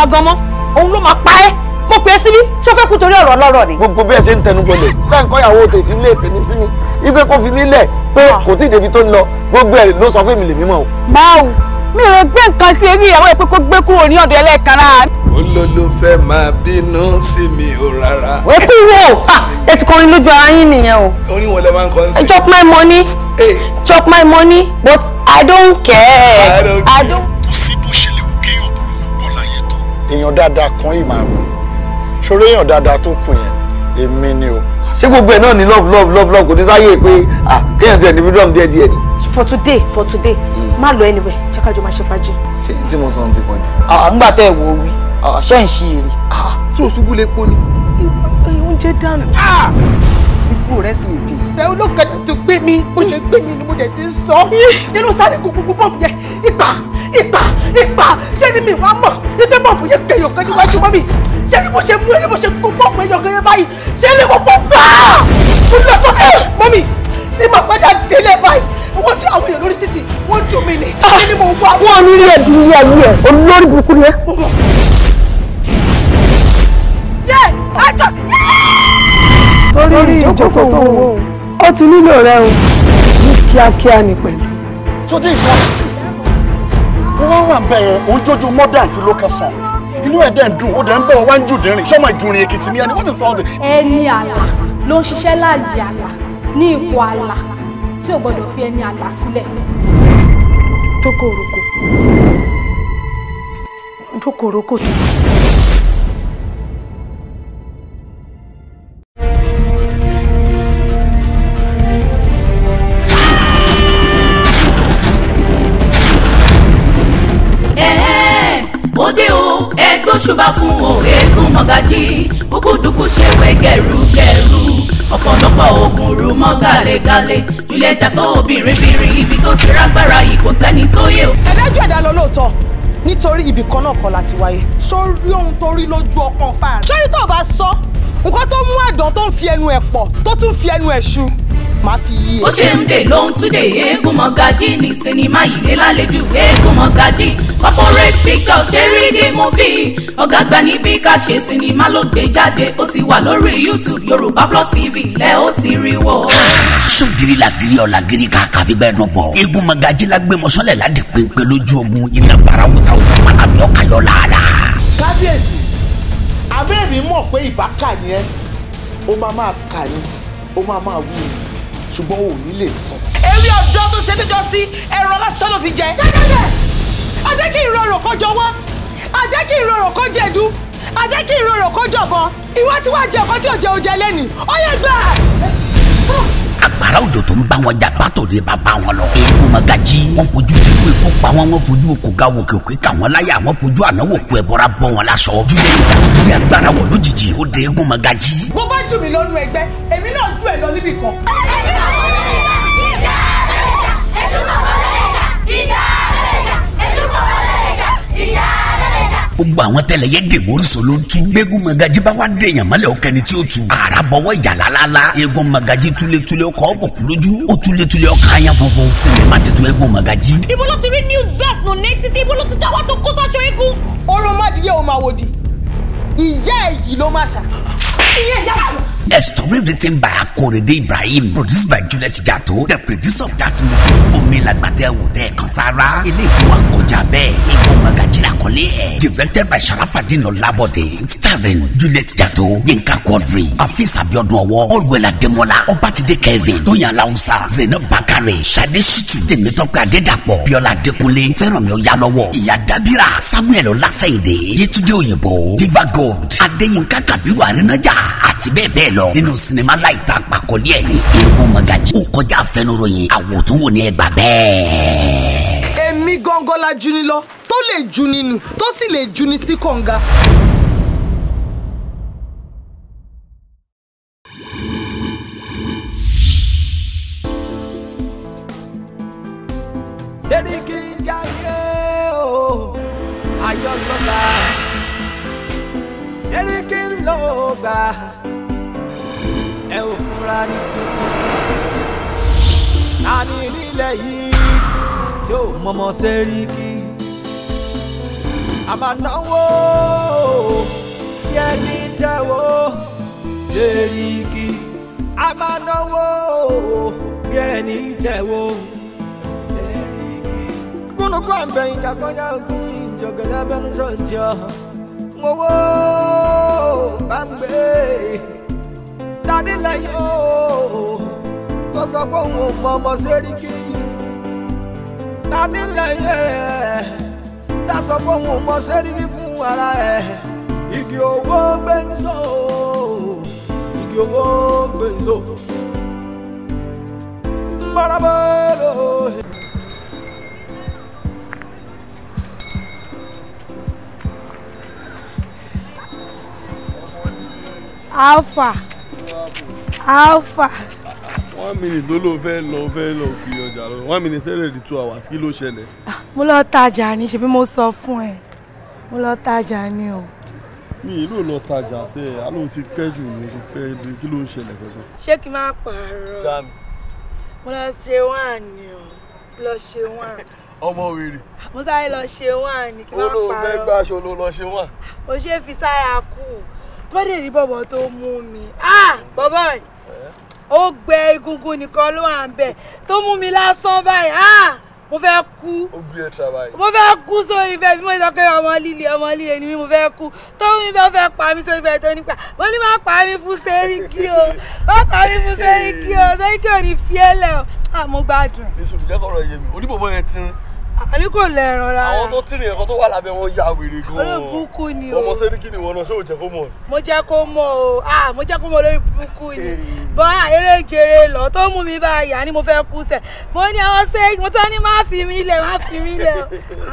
pa gan mọ́ òun ló máa pa ẹ́ mo pè é síbí ṣó fẹ́ kú torí ọ̀rọ̀ lọ́rọ̀ ni. gbogbo bí ẹ ṣe ń tẹnubọlẹ̀ táà ń kọ́ ìyàwó ilé tèmi sí mi ipe kò fi mí lẹ̀ pé ah. kò tí ì débi tó ń lọ gbogbo ẹ̀ ló sọ fún mi lèmi mọ̀ o. báwo mi ò gbé nǹkan sí eré ìyàwó ẹ pé kó gbé kúrò ní ọ̀dọ̀ ẹlẹ́ẹ̀kanra. olólùfẹ́ máa bínú sí mi ò rárá. wẹ́ kú wo ẹ kọrin lójú ara yín nìyẹn o. orin wo lẹ máa ń kọ sí. chop my money hey. Eh. chop my money but I don't care. I don't care. I don't èèyàn dáadáa kan yìí máa wù ṣòro èèyàn dáadáa tó kù yẹn èmi ni o. ṣé gbogbo ẹ̀ náà ni love love love love kò ní sáyé pé ah kéèyàn ti ẹ̀ ní freedom díẹ̀ díẹ̀ ni. for today for today hmm. má lọ anywhere jẹ́ ká jọ máa ṣe fàájì. ṣé tí mo sọ ti pọ̀ jù. àgbà tẹ ẹ wò ó wí ṣé ń ṣí èrè. tí òṣùbù lè pọ̀ ni oúnjẹ dànù kú rest in peace. Bẹ́ẹ̀ olókàdá tó gbé mi, bó ṣe gbé mi ni mo dẹ̀ ti sọ. Jẹ́nu sáré kò gbogbo bọ́ọ̀mù yẹn, ìgbà ipa ipa ṣé ni mi wá mọ̀ ipe bọ́ọ̀bù yẹn kẹyọ kan níwájú mọ́ mi ṣé ni mo ṣe mú ni mo ṣe kó bọ́ọ̀bù ẹyọ kan yẹn báyìí ṣé ni mo fọ́ gbáà mo lọ sọ ẹ eh, mọ́ mi tí mo padà délé báyìí wọ́n dún àwọn èèyàn lórí títì wọ́n dùn mí ni kí ah, ni mo wá. wọn ò ní rí ẹdùn ní ẹyí olórí burúkú ni ẹ. yẹ àjọ lórí ìjókòó tó wò ó ti nílò rẹ o ní kíákíá ni pẹ̀lú. so this one wọ́n wà bẹ́ẹ̀ oúnjọ́jú mọ́dà sí ló kẹsàn inú ẹ̀ dẹ̀ ń dùn ó dẹ̀ ń bọ̀ wá ń jùdínrín sọ́mọ ìjùnrín èkìtì ni ẹni wọ́n ti sọ ọ́ dẹ̀. ẹni àlà ló ń ṣiṣẹ́ láàyè àlà ní ipò àlà tí ò gbọ́dọ̀ fi ẹni àlà sílẹ̀. dókòrókò dókòrókò ti kú. ṣùbà fún òwe egun mọ́gájí kúkúdùkú ṣe wé gẹ̀rúgẹ̀rú ọ̀pọ̀lọpọ̀ oògùn rú mọ́ gàlégàlé ìlẹ̀jà tó obìnrin bìnrin ibi tó ti rágbára yìí kò sẹ́ni tó yẹ o. ẹlẹ́jọ́ ẹ̀dá lọ lóòótọ́ nítorí ibì kan náà kọ́ láti wáyé. sórí ohun tó rí lójú ọkàn fáàrí. sórí tó o bá sọ nǹkan tó mú àdán tó ń fi ẹnu ẹ̀ pọ̀ tó tún fi ẹnu ẹ̀ ṣu máa fi yí ẹ. ó ṣe ń dè lóhun túnde eégún mọ̀gájì ní sinimá yìí lé lálejò eégún mọ̀gájì corporate picture ṣeríkì movie ọ̀gá gba níbi ká ṣe sinimá ló gbé jáde ó ti wà lórí youtube yorùbá plus tv lẹ ó ti rí wò. sógiri làgiri ọ̀làgiri kàkà fi bẹ́ẹ̀ dọ̀bọ̀ eégún mọ̀gájì la gbé mọ́sọ́lẹ̀ láti pínpín lójú ogun iná barawuta òjò malami ọ̀kayọ̀ làálà. kábíyèsí abẹ́rẹ́ mi mọ̀ pé ìbá kà ni ẹ́ ó máa máa kà ni ó máa máa wú ni ṣùgbọ́n ò ní lè sùn. eré ọjọ́ tó ṣe tẹ́jọ́ sí ẹ̀rọ lásán ló fi jẹ. jẹ́jẹ́jẹ́ a jẹ́ kí ìrọ̀rùn kó jọ wá a jẹ́ kí ìrọ̀rùn kó jẹ̀dú a jẹ́ kí ìrọ̀rùn kó jọ̀bọ ìwọ tí wàá jẹ ọkọ tí ò jẹ oúnjẹ lẹ́nu ó gbà àgbàrá òjò tó ń bá wọn jà bátò lè bá bá wọn lọ. èèkó magají wọn fojú dìbò èkó pa wọn wọn fojú òkò ga wòkè òkè kà wọn láyà wọn fojú ànáwó kú ẹbọra bọ wọn lásọ. júlẹ̀ ti dàtú bí agbára wọ̀ lójijì ó dé èèkó magají. bó bá jù mí lọ́nu ẹgbẹ́ èmi náà jù ẹ lọ níbì kan. gbogbo àwọn tẹ́lẹ̀ yẹ dèmórísọ ló ń tú. gbẹ́gun magají bá wá dèèyàn mọ́lẹ̀ ọ̀kẹ́ni tí ó tu. ara bọ̀wọ́ ìjà lálálá. egun magají túlétúlé ọkọ̀ ọ̀bùkún lójú. ó túlétúlé ọkọ̀ àyàn funfun fún mi má ti tu egun magaji. ibo ló ti rí new zealand nù ní títí ibo ló ti jáwọ́ tó kó sọ́jọ́ egun. oró má dìde ò máa wò di ìyá èyí ló má ṣà. ìyá ìyá A story written by Akorede Ibrahim, produced by Juliet Jato, the producer of that movie, Omilagbate Wode Kansara, ilé ìtura kọjá bẹ́ẹ̀, Ego Magaji Lakole ẹ̀, directed by Sharafadin Olabode, starring Juliet Jato, Yinka Quadri, Afis Abiodun Owo, Olwela Demola, Obatide Kevin, Toyin Alausa, Zainab Bakare, Sadesu jésù tèmítọ́pẹ́ adédàpọ̀ biola adékúnlé fẹ́rànmi ọ̀yálọ́wọ́ ìyá dábìrà samuel ọlásẹ̀yìndé yétúndé òyìnbó diva gold adéyínká kàbírù àrínájà àti bẹ́ẹ̀ bẹ́ẹ̀ lọ nínú sinimá láìta àpàkọ́lé ẹ̀ ní eégún magají ó kọjá àfẹnuròyìn àwòtúnwò ní ẹgbà bẹ́ẹ̀. èmi gọ́ngọ́lá juni lọ tó lè juni nù tó sì lè juni sí kànga Seriki Jage o ayọlọgba Seriki lọgba ẹ ò fura ni tani nílẹ̀ yìí tí ó mọmọ Seriki àmànáwó yẹni tẹwó Seriki àmànáwó yẹni tẹwó. Munu kwambe inja konya ukinyi Jogele benu jojo Mwowo bambe Dadi leyo Tó sọ fóun ò mọ̀mọ́ Sẹ́ríkì Dadi leye Tá sọ fóun ò mọ̀ Sẹ́ríkì fún ara ẹ̀ Igi owó benzo Igi owó benzo Marabolo Marabolo alpha alpha. one minute ló ló fẹ́ lọ fẹ́ lọ kiri ọjà lọ one minute tẹ́lẹ̀ di two hours kí ló ṣẹlẹ̀. Ah, mo lọ tajà ni ṣebí mo sọ fún ẹ mo lọ tajà ni o. mi ìlú lọ tajà sẹ àlóhùn ti kẹjù mi ti pẹ kí ló ń ṣẹlẹ̀ kankan. ṣé kí n máa pààrọ̀ mo lọ ṣe wá ni o lọ ṣe wá ọmọ wèrè. mo sáré lọ ṣe wá kí n má parọ́. olóògbé gbàṣọ ló lọ ṣe wá. Ah, o ṣe fi sára kù má lè rí bọ̀bọ̀ tó mú mi ah, bọ̀bọ̀ ó gbẹ egungun nìkan ló wà ń bẹ̀ tó mú mi lásán báyìí ah, mo fẹ́ kú mo fẹ́ kú sórí bẹ́ẹ̀ bí mo sọ pé ọmọ líle ọmọ líle ni mi mo fẹ́ kú tó mi bá fẹ́ pa mí sórí bẹ́ẹ̀ tó nípa mo ní má pa mí fún Sẹ́ríkí o má pa mí fún Sẹ́ríkí o Sẹ́ríkí ò ní fiẹ́lẹ̀ o àmọ́ ah, gbádùn. èso ìjẹ́kọ̀rọ̀ yé mi oníbòbò yẹn ti rin a ní kò lẹ́ràn rárá. àwọn tó tìrìn ẹ̀kọ́ tó wà lábẹ́ wọn ya wèrè gan-an. olórí burúkú ni o. ọmọ sẹ́ríkì ni wọn náà ṣé o jẹ́ kó mọ̀. mo jẹ́ kó mọ̀ o ah mo jẹ́ kó mọ̀ olórí burúkú ni. bọ́n àyèrè jèrè lọ tó mú mi bá yà ni mo fẹ́ kú sẹ̀. mo ní àwọn sẹ́ríkì mo tọ́ ni má fi mi lẹ̀ má fi mi lẹ̀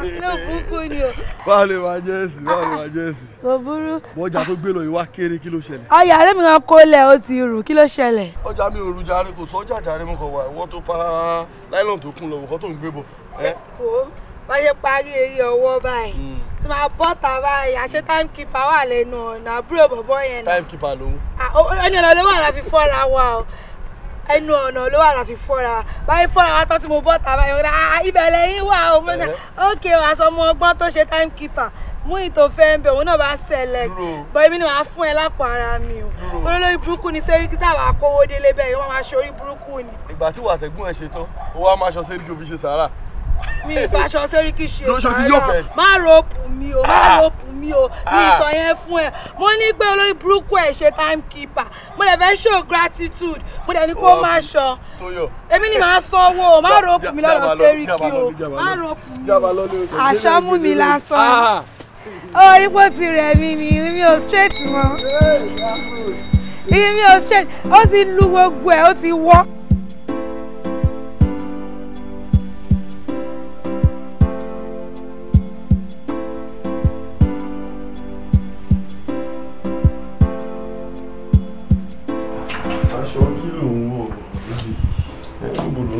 olórí burúkú ni o. báwo lè máa jẹ́ èsì báwo lè máa jẹ́ èsì. kò burú. ọjà tó gbé lọ ìwà kéré kí ló ṣẹlẹ̀. ọyà lẹ́mi kan kó lẹ̀ ó ti rù kí ló ṣẹlẹ̀. ọjà mi ò rú jàre kò sọ́jà jàre mo kàn wà ìwọ́n tó fa láìlọ́n tó kún lọ òkò tó ń gbé bọ̀ kó bá ṣe parí eré ọwọ́ báyìí hmm. tí máa bọ́ ta báyìí àṣẹ time keeper wà lẹ́nu ọ̀nà àbúrò bọ̀bọ̀ yẹn náà time keeper lòun. ẹni ọ̀nà ló wà láfi fọ́ra wa o ẹnu ọ̀nà ló wà láfi fọ́ra wa báyìí fọ́ra wa tán tí mo bọ́ ta báyìí wọ́n náà ìbẹ̀lẹ̀ ah, yín wà o mo ní ókè aṣọ ọmọ ọgbọ́n tó ṣe time keeper mú ìtò fẹ́ ń bẹ̀ òun náà bá select bọ́ èmi ni màá fún ẹ lápò ara mi o torí lórí burúkú ni sẹ́ríkì táwa kówó délé bẹ́ẹ̀ yóò máa ṣe orí burúkú ni. ìgbà tí wàtẹ́gùn ẹ̀ ṣe tán ó wá máa ṣọ sẹ́ríkì òfin ṣe sàárà mi ìfaṣọ sẹ́ríkì ṣe ìfàlà má rọ́ọ̀pù mi o má ah. rọ́ọ̀pù mi o mi ìsọ ah. yẹn fún ẹ mo ní pé olórí burúkú ẹ ṣe time keeper mo dẹ̀ fẹ́ show gratitude mo dẹ̀ ní kó oh, má ṣọ èmi ni màá sanwó o má rọ́ọ̀pù mi lọ́dọ̀ sẹ́ríkì o má rọ́ọ̀pù mi àṣọ mú mi lásán ah. ó ipò ti rẹ̀ mi ni mi ò straight mọ́ mi ò straight ó ti lu gbogbo ẹ̀ ó ti wọ́.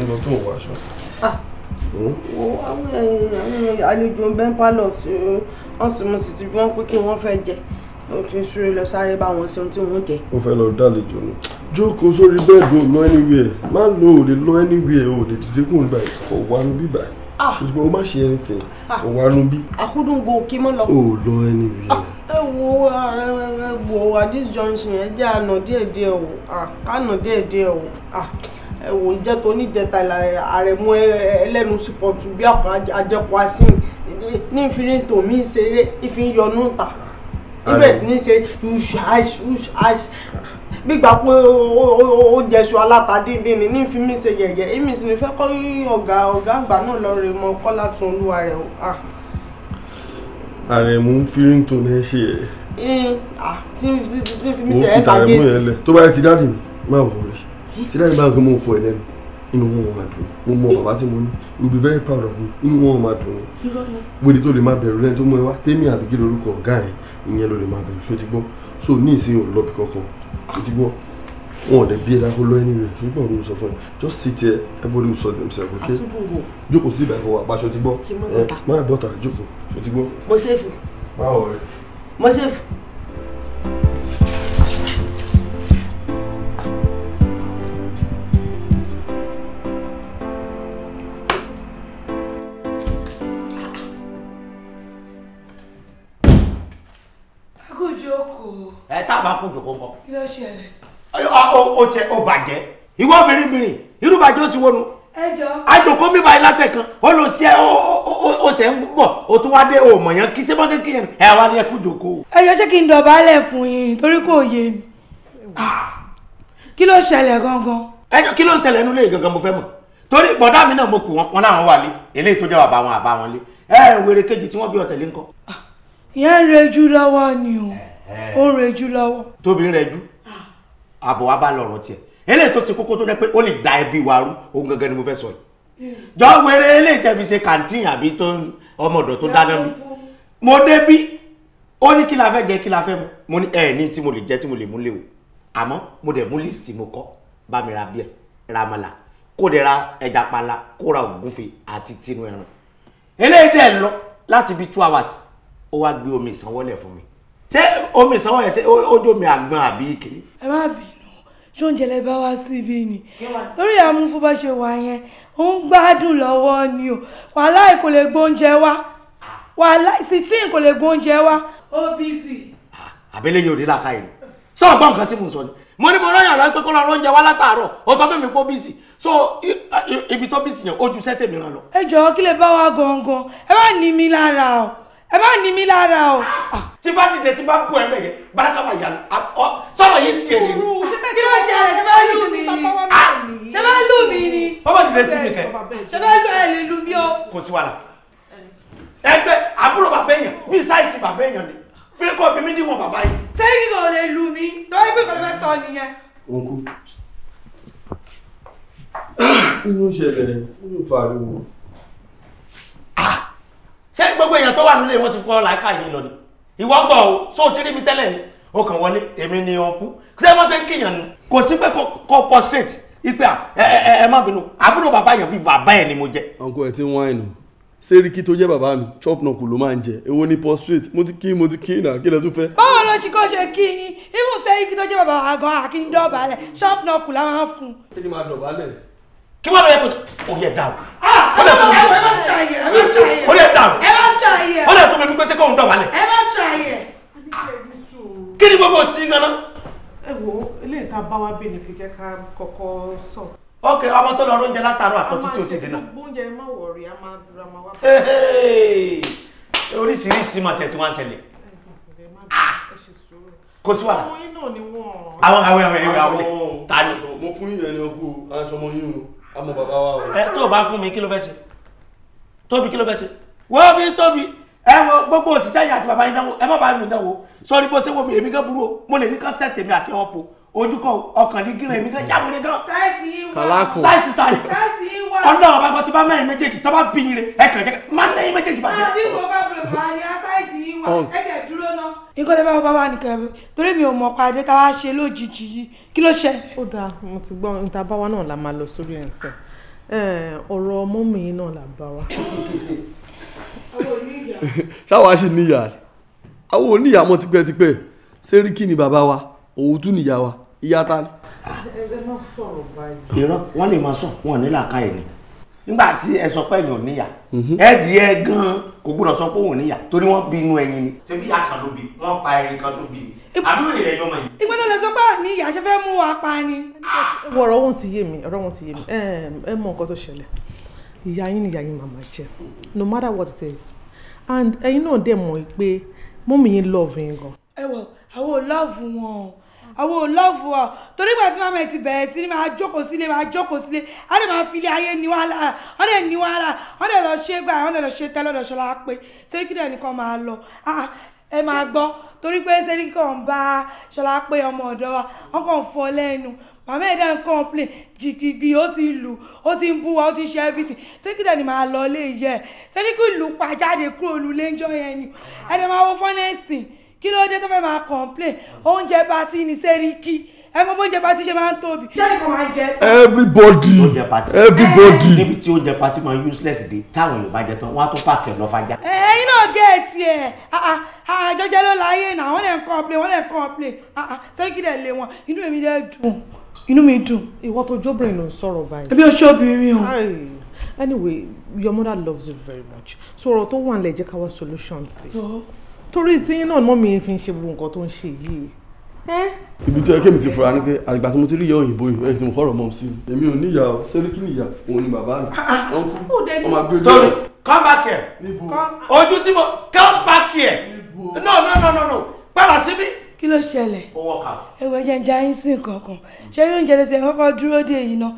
mọ tó ń wọ aṣọ. Ah, àwọn àlejò ń bẹ́ ń pálọ̀ tí wọ́n sì mú sí ti bí wọ́n pé kí wọ́n fẹ́ jẹ mo fi ṣúré lọ sáré bá wọn ṣe ohun tí wọ́n jẹ. ó fẹ́ lọ dálejò ni jókòó sórí bẹ́ẹ̀dì ò lọ anywhere má lọ ò lè lọ anywhere ò lè dìde kúrò nígbà yìí kò wá nu bíbà ah. ṣùgbọ́n o má ṣe anything ah. kò wá nu bí. àkúdùngbò kí mọ́ lọ. ò lọ anywhere. ẹ wo ẹ wo at this junction ẹ jẹ́ àná díẹ̀díẹ̀ o àná díẹ̀díẹ̀ o ẹ̀wò ìjẹ́ tó níjẹta àrẹ̀mú ẹlẹ́nu sípọ̀tù bí ọkọ̀ àjẹpọ̀ asín ní ìfìrí tòmí ṣeré ìfi ń yọnú ta ibẹ̀ sì ní ṣe ṣùṣàṣ ṣùṣàṣ gbígbà pé ó jẹṣu aláta díndín ni ní ìfi mí ṣe yẹ̀yẹ́ èmi sì ní fẹ́ kọ́ ọ̀gá ọ̀gá àgbà náà lọ rè mọ kọ́lá tún olúwa rẹ̀ o. àrẹ̀mú fírí tó ní ṣe ẹ̀. tí fi mí ṣe ẹ̀ta géètì. mo fi tàrẹ̀mú yẹn lẹ̀ tó bá yẹ ti dáàdì máa wọ̀ rẹ̀ tí dáàbí báyìí pé mo for them. lẹ́nu inú more ò máa dùn mo mọ bàbá tí mo ní you be very proud of me inú wọn more máa dùn wíìdí tó lè máa the lẹ́nu tó mú ẹ wá tèmi àbí kí lorúkọ ọ̀gá ẹ̀ ìyẹn ló lè máa so ní ìsìn ò lọ́bì kankan ṣó ti gbọ́ wọn ò dẹ̀ bí ẹ̀dá So lọ ẹni rẹ̀ ṣùgbọ́n mi sọ fún ẹ just sit here everybody will sort themselves okay You can ìbẹ̀rù wa paṣọ ti gbọ́ ẹ eh, má bọ́ta jókòó ṣó ti gbọ́. mo ṣèfù. má wọ̀ rẹ̀. mo ló ṣẹlẹ̀. o tiẹ̀ o bàjẹ́ ìwọ obìnrin mìíràn irú bàjẹ́ ó sì wọnú. ẹ jọ. àjòkó mi báyìí látẹ̀kan ó lọ sí ẹ ó ṣe ń bọ̀ ó tún wá dé òmò yẹn kí sẹ́mọ́tẹ́ kí yẹn ẹ wá ní ẹkú jòkó. ẹ yọ ṣé kí n dọ̀bálẹ̀ fún yín nítorí kò yé mi. Ah. kí ló ṣẹlẹ̀ gangan. ẹ jọ kí ló ń ṣẹlẹ̀ nílé gangan mo fẹ́ mọ̀ torí bọ̀dá mi náà mo pè wọ́n láwọn wà lé eléyìí tó jẹ́ bàbá wọn àbá wọn lé ẹ wèrè kejì tí wọ́n bí ọ̀tẹ̀lé ńkọ́. Ah, ìyẹn ń rejú lọ́wọ́ ni o. Eh ó ń rejú lọ́wọ́. tóbi ń rejú ah. àbọ̀ wa bá lọ̀rọ̀ tiẹ̀ eléyìí tó ṣe kókó tó jẹ́ pé ó lè da ẹbí wa rú òun gangan ni mo fẹ́ sọ yìí hmm. jọ wéré eléyìí tẹ́ fi ṣe kàǹtìn àbí tó ọmọdọ̀ tó dáná bí mo débí ó ní kí la fẹ́ jẹ kí la fẹ́ mu mo ní ẹ ní tí mo lè jẹ tí mo lè mú lé o àmọ́ mo dẹ̀ mú lísìtì mo kọ́ bá mi ra bíẹ̀ ra màlà kó dẹ̀ ra ẹja panla kó ra ògúnfe àti tinú ẹran eléyìí dẹ̀ lọ láti bíi two hours ó wá gbé omi ìsanwọ́lẹ̀ fún mi ṣé omi ìsanwó yẹn ṣe ojú omi àgbọn àbí kiri. ẹ má bínú ṣóúnjẹ lẹ bá wá síbí ni torí àmúfú bá ṣe wà yẹn ó ń gbádùn lọ́wọ́ ni o wàhálà kò lè gbóúnjẹ wá wàhálà sitin kò lè gbóúnjẹ wá ó bízì. àbẹ́lẹ̀ yóò dé làákà yìí sọ ọgbọ́n nǹkan tí mo sọ ni mo ní mo rán yàrá pé kó lọ rọ́ọ̀jẹ wá látàárọ̀ ó sọ fún mi pé ó so ibi tó bízì yẹn ó ju sẹ́tẹ̀ mi rán lọ. ẹ jọ̀ọ́ kí lè bá wa gangan ẹ má ní mi lára o ẹ bá ní mi lára o. Ah, tí bá dìde tí bá bú ẹ mẹ́yẹ baraka ma yàrá ah, sọ̀rọ̀ yìí sí èrè. kí ló ṣe ẹ ṣe bá lù mí ni ṣe bá lù mí ni. bàbá ah, dìde sí mi kẹ. ṣe bá lù ẹ lè lù mí o. kò sí wàhálà ẹgbẹ́ àbúrò bàbá èèyàn bíi sáìsì bàbá èèyàn ni fi kọ́ fi mí níwọ̀n bàbá yìí. sẹ́yìn kò lè lù mí lórí pé kọ́lẹ́ fẹ́ sọ nìyẹn. òǹkù inú ṣẹlẹ̀ inú fariwo. ah ṣé gbogbo èèyàn tó wà nílé wọn ti fọ́ làákà yìí lọ ni ìwọ gbọ́ o so ti rí mi tẹ́lẹ̀ ni ó kàn wọlé èmi ni òun kú kílẹ̀ wọ́n ṣe ń kíyàn ni kò sí pé kò pọ̀ straight ipe ẹ ẹ ẹ má bínú àbúrò bàbá yẹn bí bàbá yẹn ni mo jẹ. ọkọ ẹ ti ń wáìnì sẹ́ríkì tó jẹ́ bàbá mi chop náà kù ló máa ń jẹ èwo ni prostrate mo ti kí mo ti kí náà kí lẹ tún fẹ́. báwo ló ṣe kó ṣe kí ni ibùsẹ̀ yìí kí tó jẹ́ bàbá àgọ́ àkíndọ́balẹ̀ chop náà kù láwọn á fún un. kí ni máa dọ̀bálẹ̀ kí wọ́n lọ yẹ kó orí ẹ̀ dàrú. Ah, ó lè tún mi ẹ má jà yẹ ẹ má jà yẹ orí ẹ̀ dàrú. ẹ má jà yẹ ó lè tún mi bí pẹ́sẹ́ kóhun dọ̀wálẹ̀. ẹ má jà yẹ. kí ni gbogbo sí ganan. ẹ wo ilé ìta bá wa bèèrè fi jẹ́ ká kọ́kọ́ sọ. ok ọmọ tó lọ oúnjẹ látàárọ̀ àtọ títí ó ti dènà. oúnjẹ má wọrí a máa ra ma wá. oríṣiríṣi mà tẹ̀ tí wọ́n ń ṣẹlẹ̀ ah! kò sí wàhálà àwọn àwọn àwọn àwọn àwọn ta ni. mo fún yín ẹni ọkú aṣọ ọmọ yín o ọmọ bàbá wa o. ẹ tó o bá fún mi kí ló fẹ́ ṣe tóbi kí ló fẹ́ ṣe wọ́n bí tóbi ẹ wọ gbogbo òṣìṣẹ́ yìí àti bàbá yín dánwò ẹ má bàa mi dánwò sọ ni bó ṣe wọ mi èmi gan burú o mo lè ní kán sẹ́ẹ̀tì mi àti ọ̀pọ̀ ojúkọ ọkàn ní gíràn èmi kan jáwé ní kan. sáìsì yìí wà sáìsì ta ni ọlọ́run ọba gbọ́ tí bá mẹ́rin méjèèjì tó bá bí ire ẹ kàn jẹ́ máa ń lẹ́yìn méjèèjì bá jẹ́. àdìgbò bá bẹ̀rẹ̀ bá ní sáìsì yìí wà ẹ̀kẹ́ dúró náà. nǹkan tó bá wọ́n bá wà nìkan ẹ̀rọ torí mi ò mọ̀ pàdé tá a wá ṣe lójijì yìí kí ló ṣe. ó dáa mo ti gbọ́ níta bá wa náà la máa lọ sórí ẹ̀sìn ọ̀rọ̀ ọmọ mi náà la bá wa. ṣáwa ṣì níyà àwọn oníyàmọ́ tipẹ́tipẹ́ sẹ́ríkì ni bàbá wa òun tún níyà wa ìyá ta ni. ẹgbẹ́ náà sọ̀rọ̀ báyìí. irọ́ wọ́n lè máa sọ wọn ò ní làákà yìí ni nígbà tí ẹ sọ pé ẹ̀yin ò níyà mhm. ẹ di ẹ gan kò gbọ́dọ̀ sọ pé òun níyà torí wọ́n bí inú ẹyin ni. ṣé bí ìyá kan ló bí wọ́n pa ẹyin kan tó bí ni àbúrò rẹ̀ yọmọ yìí. ìgbọ́dọ̀ lọ sọ pé ní ìyá ṣe fẹ́ mú wa pa ni. ọ̀rọ̀ wọn ti yé mi ọ̀rọ̀ wọn ti yé mi ẹ mọ nǹkan tó ṣẹlẹ̀ ìyá yín ni ìyá yín màmá jẹ no matter what it is and ẹ̀yin náà dẹ̀ mọ̀ pé mọ́mí yín love yín gan. ẹ wọ àwọn ò love wọn o àwọn ò lọ́ọ̀fù ọ torí ìgbà tí màmá ẹ ti bẹ̀rẹ̀ sí ni máa jókòó sílé máa jókòó sílé á lè máa fi ilé ayé ní wàhálà wọn lè ní wàhálà wọn lè lọ ṣe gbà wọn lè lọ ṣe tẹ́lọ̀ lọ ṣọlá pé sẹ́ríkìdà nìkan máa lọ ẹ máa gbọ́ torí pé sẹ́ríkìdà ń bá ṣọlá pé ọmọ ọ̀dọ́ wa wọn kàn fọ lẹ́nu màmá ẹ̀dá ń complain jìgìgì ó ti lù ó ti ń bú wa ó ti ń ṣe everything sẹ́kítà ni màá lọ ilé yẹ sẹ́ríkì lù pa jáde kúrò lulẹ̀ ń jọ yẹn ni ẹ̀dẹ̀ máa wo fọ́nẹ́sì kí ló dé tó fẹ́ máa complain oúnjẹ pati ni Seriki ẹ mọ oúnjẹ pati ṣe máa ń tóbi. jẹ́rìí kan máa jẹ. everybody everybody. níbi tí oúnjẹ pati máa useless dé táwọn Yorùbá jẹ tán wọn á tún pààkì ẹ̀ lọ́fàájà. ẹ̀yin náà gẹ̀ẹ́tì ẹ̀ ah, ah, ah, àjọjẹ ló láyé náà wọ́n lè ń complain wọ́n lè ń complain Seriki dẹ̀ lé wọn inú èmi dẹ̀ dùn inú mi dùn. ìwọ tó jóbìnrin ló ń sọ̀rọ̀ báyìí. ẹbí oṣù obìnrin o. anyway your mother loves you very much so ọ̀rọ̀ tó wà ń lẹ̀ jẹ́ ká solution sí torí tíyín náà mọ́ mi fi ń ṣe gbogbo nǹkan tó ń ṣe yìí. ibi tó yẹ kémi ti fura ni pé àgbà tí mo ti rí ìyá òyìnbó yìí ẹ̀ tí mo kọ́rọ̀ mọ́ sí i èmi ò ní ìyá o sẹ́ríkì òun ni bàbá mi wọ́n ah, ah, ah. máa ojú rẹ̀. come back here ojú tí mo come back here no no no no no padà síbí. kí ló ṣẹlẹ̀ ẹ̀wọ̀ ẹ̀jẹ̀ ń sí nǹkan kan ṣé oúnjẹ tẹ̀sí ẹ̀ kọ́kọ́ dúró dé yìí ná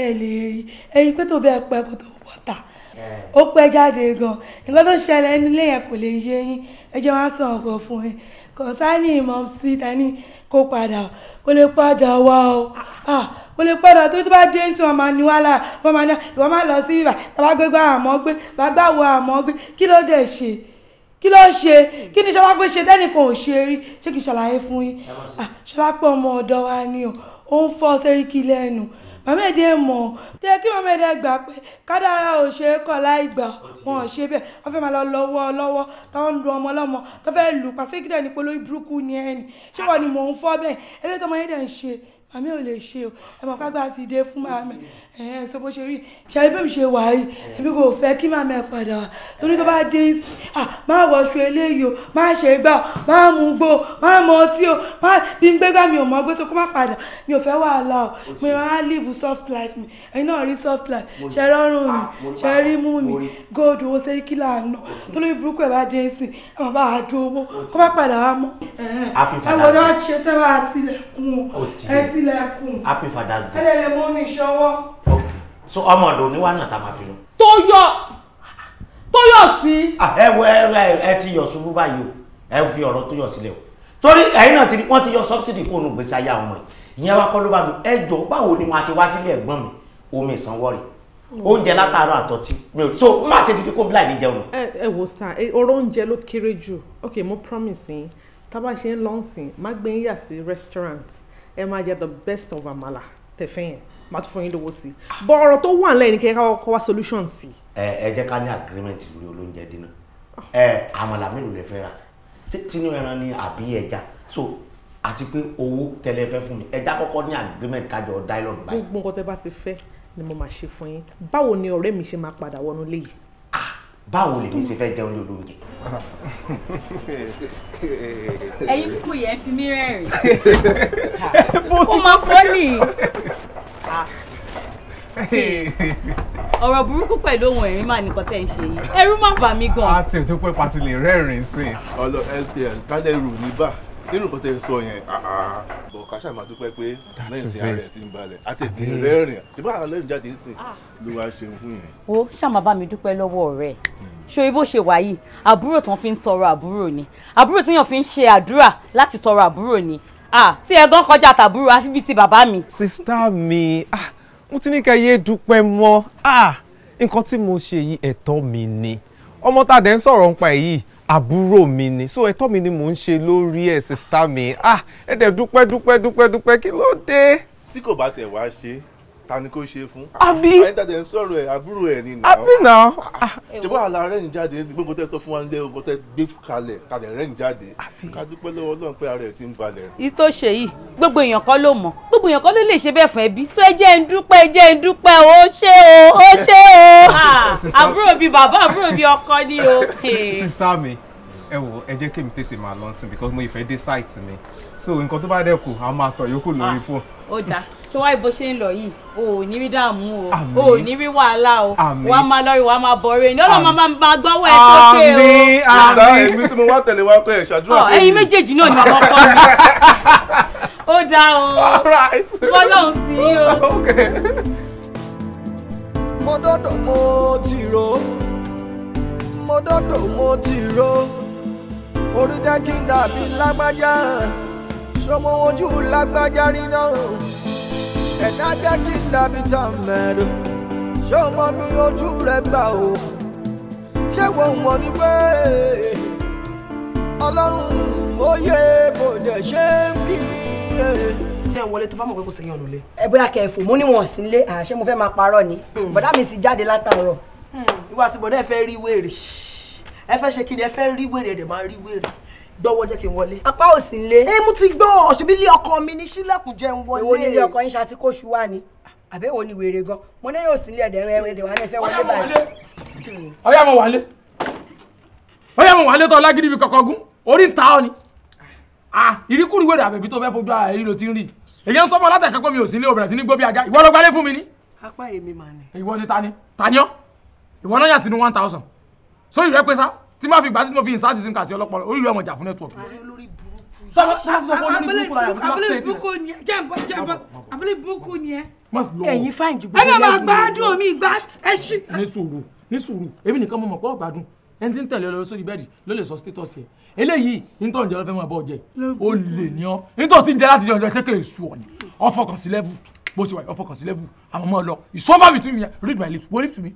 ẹ̀ lè rí ẹ̀rí pé bẹ́ẹ̀ pẹ́ kó tó wọ́ta Eh. ó pẹ́ jáde gan nǹkan tó ṣẹlẹ̀ nílé yẹn kò lè yé yín ẹ jẹ́ wá sàn ọkọ̀ fún yín kọ̀ǹsáìnì mọ̀m sí tani kó padà kó lè padà wá o kó lè padà tó tó bá dé sí wọn máa ní wàhálà wọn máa ní ìwọ máa lọ sí ibà tàbá gbé gbá àmọ́ gbé bàgbà wo àmọ́ gbé kí ló dé ṣe kí ló ṣe kí ni ṣọlá pé ṣe tẹ́nìkan ò ṣe rí ṣé kí n ṣàlàyé fún yín ṣọlá pé ọmọ ọ̀dọ́ wa ni o ó ń fọ́ sẹ́ríkì lẹ́nu Mama, èdè mọ̀ tẹ́ kí mama, èdè gbà pé kádàrá ò ṣe é kọ̀ láì gbà wọn ò ṣe bẹ́ẹ̀ wọ́n fẹ́ máa lọ lọ́wọ́ lọ́wọ́ táwọn ń lu ọmọ lọ́mọ tó fẹ́ lù pàṣẹ kí dẹ̀ ní polóyè burúkú ni ẹ̀ ní ṣé wọ́n ni mò ń fọ́ bẹ́ẹ̀ eré tọmọ yẹn dẹ̀ ń ṣe màmí ò lè ṣe o ẹ mọ̀ kágbá ti dé fún màmí ẹ sọ bó ṣe rí ṣàbí bẹ́ẹ̀ mi ṣe wà yìí ẹbí kò fẹ́ kí màmá ẹ padà wá torí tó bá dé sí à máa wọṣọ eléyìí o máa ṣe gbà máa mú gbó máa mọ ọtí o máa bí n gbégbá mi ò mọ gbé so kó má padà mi ò fẹ́ wàhálà o mi máa live soft life mi ẹ̀yin náà rí soft life ṣe rọrùn mi ṣe ah, rí mú mi gold owó sẹ́ríkì làánà torí burúkú ẹ̀ bá dé sí ẹ̀ máa bá a dún owó kó má padà wá mọ́ ẹ̀ wọ́n so ọmọ ọ̀dọ̀ ní wàhánà tá a máa fi lọ. tó yọ tó yọ sí. ẹ wọ ẹ ẹ ti yọ ṣubú báyìí o ẹ fi ọ̀rọ̀ tó yọ sílẹ̀ o torí ẹ̀yin náà ti rí wọ́n ti yọ subsidy kó nu gbèsè ayé àwọn ọmọ yìí ìyẹn wá kọ́ ló bá mi ẹ jọ báwo ni màá ti wá sílé ẹ̀gbọ́n mi omi ìsanwó rẹ̀ oúnjẹ látàárọ̀ àtọ̀tí mi ò so má ṣe dídí kó bíláì ní jẹun. ẹ ẹ wò sá ọ̀rọ̀ oúnjẹ ló kéré jù ok mo promise yín tábà ṣe ń lọ́nsìn má gbé yín yà sí restaurant ẹ máa jẹ the best of Amala? tẹ̀fẹ́ yẹn máa tún fún yín lówó sí i bọ ọ̀rọ̀ tó wà nílẹ̀ nìkan ká kọ́ wá solution sí. ẹ ẹ jẹ́ ká ní agreement lórí olóúnjẹ dínà ẹ àmàlà mélòó lè fẹ́ ra tínú ẹran ni àbí ẹja so àti pé owó tẹ́lẹ̀ fẹ́ fún mi ẹja kọ́kọ́ ní agreement kájọ dialogue báyìí. gbogbo nǹkan tẹ́ bá ti fẹ́ ni mo máa ṣe fún yín báwo ni ọ̀rẹ́ mi ṣe máa padà wọnú ilé yìí. báwo lè mi ṣe fẹ́ jẹun ní olóúnjẹ. ẹ̀yin kò yẹ fi mí rẹ́rìn-ín. ó máa fọ́ nìyí ọ̀rọ̀ burúkú pẹ̀lú ohun ẹ̀rín mà ní kọ́tẹ́ ń ṣe yìí ẹ̀rù má bà mí gan. a ti ètò pé pati lè rẹ́rìn-ín sí i. ọlọ ltl kálẹ̀ rù ní bá nínú nǹkan tẹ́ ẹ sọ yẹn ah, ah. bọ̀ ká ṣàmà dúpẹ́ pé lẹ́yìn sí ààrẹ ti ń balẹ̀ àti èdè rẹ́rìn ṣé bá àlọ́ ìjáde ń sìn ah. ló wá ṣe fún yẹn. o ṣàmà bá mi dúpẹ́ lọ́wọ́ ọ̀rẹ́ ṣòye bó ṣe wà yìí àbúrò tán fi ń sọ̀rọ̀ àbúrò ni àbúrò tí fi ń ṣe àdúrà láti sọ̀rọ̀ àbúrò ni ah sí ẹ̀gbọ́n kọjá tàbúrò àfi ti bàbá mi. sista mi ah mo ti ní ká yé dúpẹ́ mọ́ ah nǹkan tí mo ṣe yìí ẹ̀tọ́ mi ni ọmọ tá a dẹ̀ ń sọ̀rọ̀ nípa mi ni so ẹ̀tọ́ mi ni mò ń ṣe lórí ẹ̀ mi ah ẹ dẹ̀ dúpẹ́ dúpẹ́ dúpẹ́ dúpẹ́ kí ló dé. tí kò bá tẹ̀ wá ṣe ta ni kò ṣe fún. àbí àyíntàdé ń sọ̀rọ̀ ẹ̀ àbúrò ẹ̀ ni. àbí náà. ṣùgbọ́n àlà rẹ̀ ń jáde ẹ̀ sì gbogbo tẹ́ sọ fún wa ń lé ogun tẹ́ gbé kalẹ̀ kalẹ̀ rẹ̀ ń jáde. ká dúpẹ́ lọ́wọ́ Ọlọ́run pé ara ẹ̀ ti ń balẹ̀. ìtò ṣe yìí gbogbo èèyàn kọ́ ló mọ̀ gbogbo èèyàn kọ́ ló lè ṣe bẹ́ẹ̀ fún ẹbí tó ẹ jẹ́ ń dúpẹ́ ẹ jẹ́ ń dúpẹ́ o ṣé o o ṣé o ah, àbúrò bíi bàbá àbúrò bíi ọkọ ni o. sista mi ẹ wò ẹ jẹ́ kí mi tètè máa lọ sí because mo ìfẹ́ dé site mi so nǹkan tó bá dẹ̀ kù a máa sọ yòókù lórí fóònù. Ah, ó dáa ṣé wáyé bó ṣe ń lọ yìí o ò ní rí dààmú o o ò ní rí wàhálà o wà á máa lọ́rùn wà á máa bọ̀rẹ̀ ní ọlọ́mọ máa máa gbọ́wọ́ ẹ sókè o. àmín èmi tí mo wá tẹ̀lé wa pé ìṣàdúrà fún mi. ẹyin méjèèjì náà ni mo mi ó dá o fọlọ́hún sí i o. mo dọ́dọ̀ mo ti rò mo dọ́dọ̀ mo ti rò orí jẹ́ kí n dàbí lágbájá ṣọmọ ojú lágbájá rí náà ẹ̀dá jẹ́ kí n dàbí tán mẹ́rin ṣé ọmọ mi ojú rẹ̀ gbà o ṣé wọ́n wọ́n ní pé ọlọ́run ó yẹ bó dẹ̀ ṣe ń bí jẹ́ wọlé tó bá mọ̀ pé kò sẹ́yìn ọ̀nùlé. ẹ bóyá kẹfù mú níwọ̀n sílé àṣẹ mo fẹ́ máa parọ́ ni hmm. bọ̀dá mi ti jáde látàárọ̀. Hmm. ìwà àti bọ̀dá ẹ fẹ́ rí wèrè ẹ fẹ́ ṣe kí ni ẹ fẹ́ rí wèrè ẹ dẹ̀ máa rí wèrè gbọ́wọ́ jẹ́ kí n wọlé. apá ò sí lé. ẹ mú ti gbọ́ ṣebí ilé ọkọ mi ní sílẹ̀kùn jẹ́ n wọlé. èwo ni ilé ọkọ yín ṣáà ti kó ṣu wá ni àbẹ̀wò ni wèrè gan mo ní yóò sí ilé ẹ̀dẹ̀ ẹ̀rọ ẹ̀dẹ̀ wà ní ẹ̀fẹ́ wọlé báyìí. ọ̀yá mo wálé ọ̀yá mo wálé tó lágídí bí kọ̀kọ́gún orí ń ta ọ ni ìríkùrí wèrè àbẹ̀bí tó fẹ́ fojú ara rí ló ti ń rí èyí ń sọ́mọ́ látẹ̀kẹ́ pé mi ò sí ilé obìnrin sí ní gbóbi ajá ìwọ ló gbalẹ̀ fún mi ni. apá èmi mà ni. ìwọ ni ta ni ta ni ọ ìwọ náà yà sínú one thousand sóyè rẹ pé sá tí má fi gbà tí mo fi ìsáàtì sim kàṣí ọlọ́pàá orí ọmọ ìjà fún nẹ́tíwọ̀kì. abẹ́lẹ̀ burúkú ni ẹ abẹ́lẹ̀ burúkú ni ẹ. ẹ̀yin fáìn jù gbogbo lẹ́yìn. ẹ bá gbádùn mi gbá ẹ ṣí. ní sùúrù ní sùúrù èmi nìkan mo mọ̀ pé ọ̀gbádùn ẹni tí ń tẹ̀lé ọlọ́run sórí bẹ́ẹ̀dì ló lè sọ status yẹ eléyìí nítorí ìjọba fẹ́ máa bọ́ jẹ ó lè ní ọ nítorí tí ń jẹ láti jẹ ọjọ́ ṣé kò èso ọ̀nì ọ̀fọkànsílẹ́bù bó ti wà ọ̀fọkànsílẹ́bù àwọn ọmọ ọlọ it's over between me read my lips wo read to me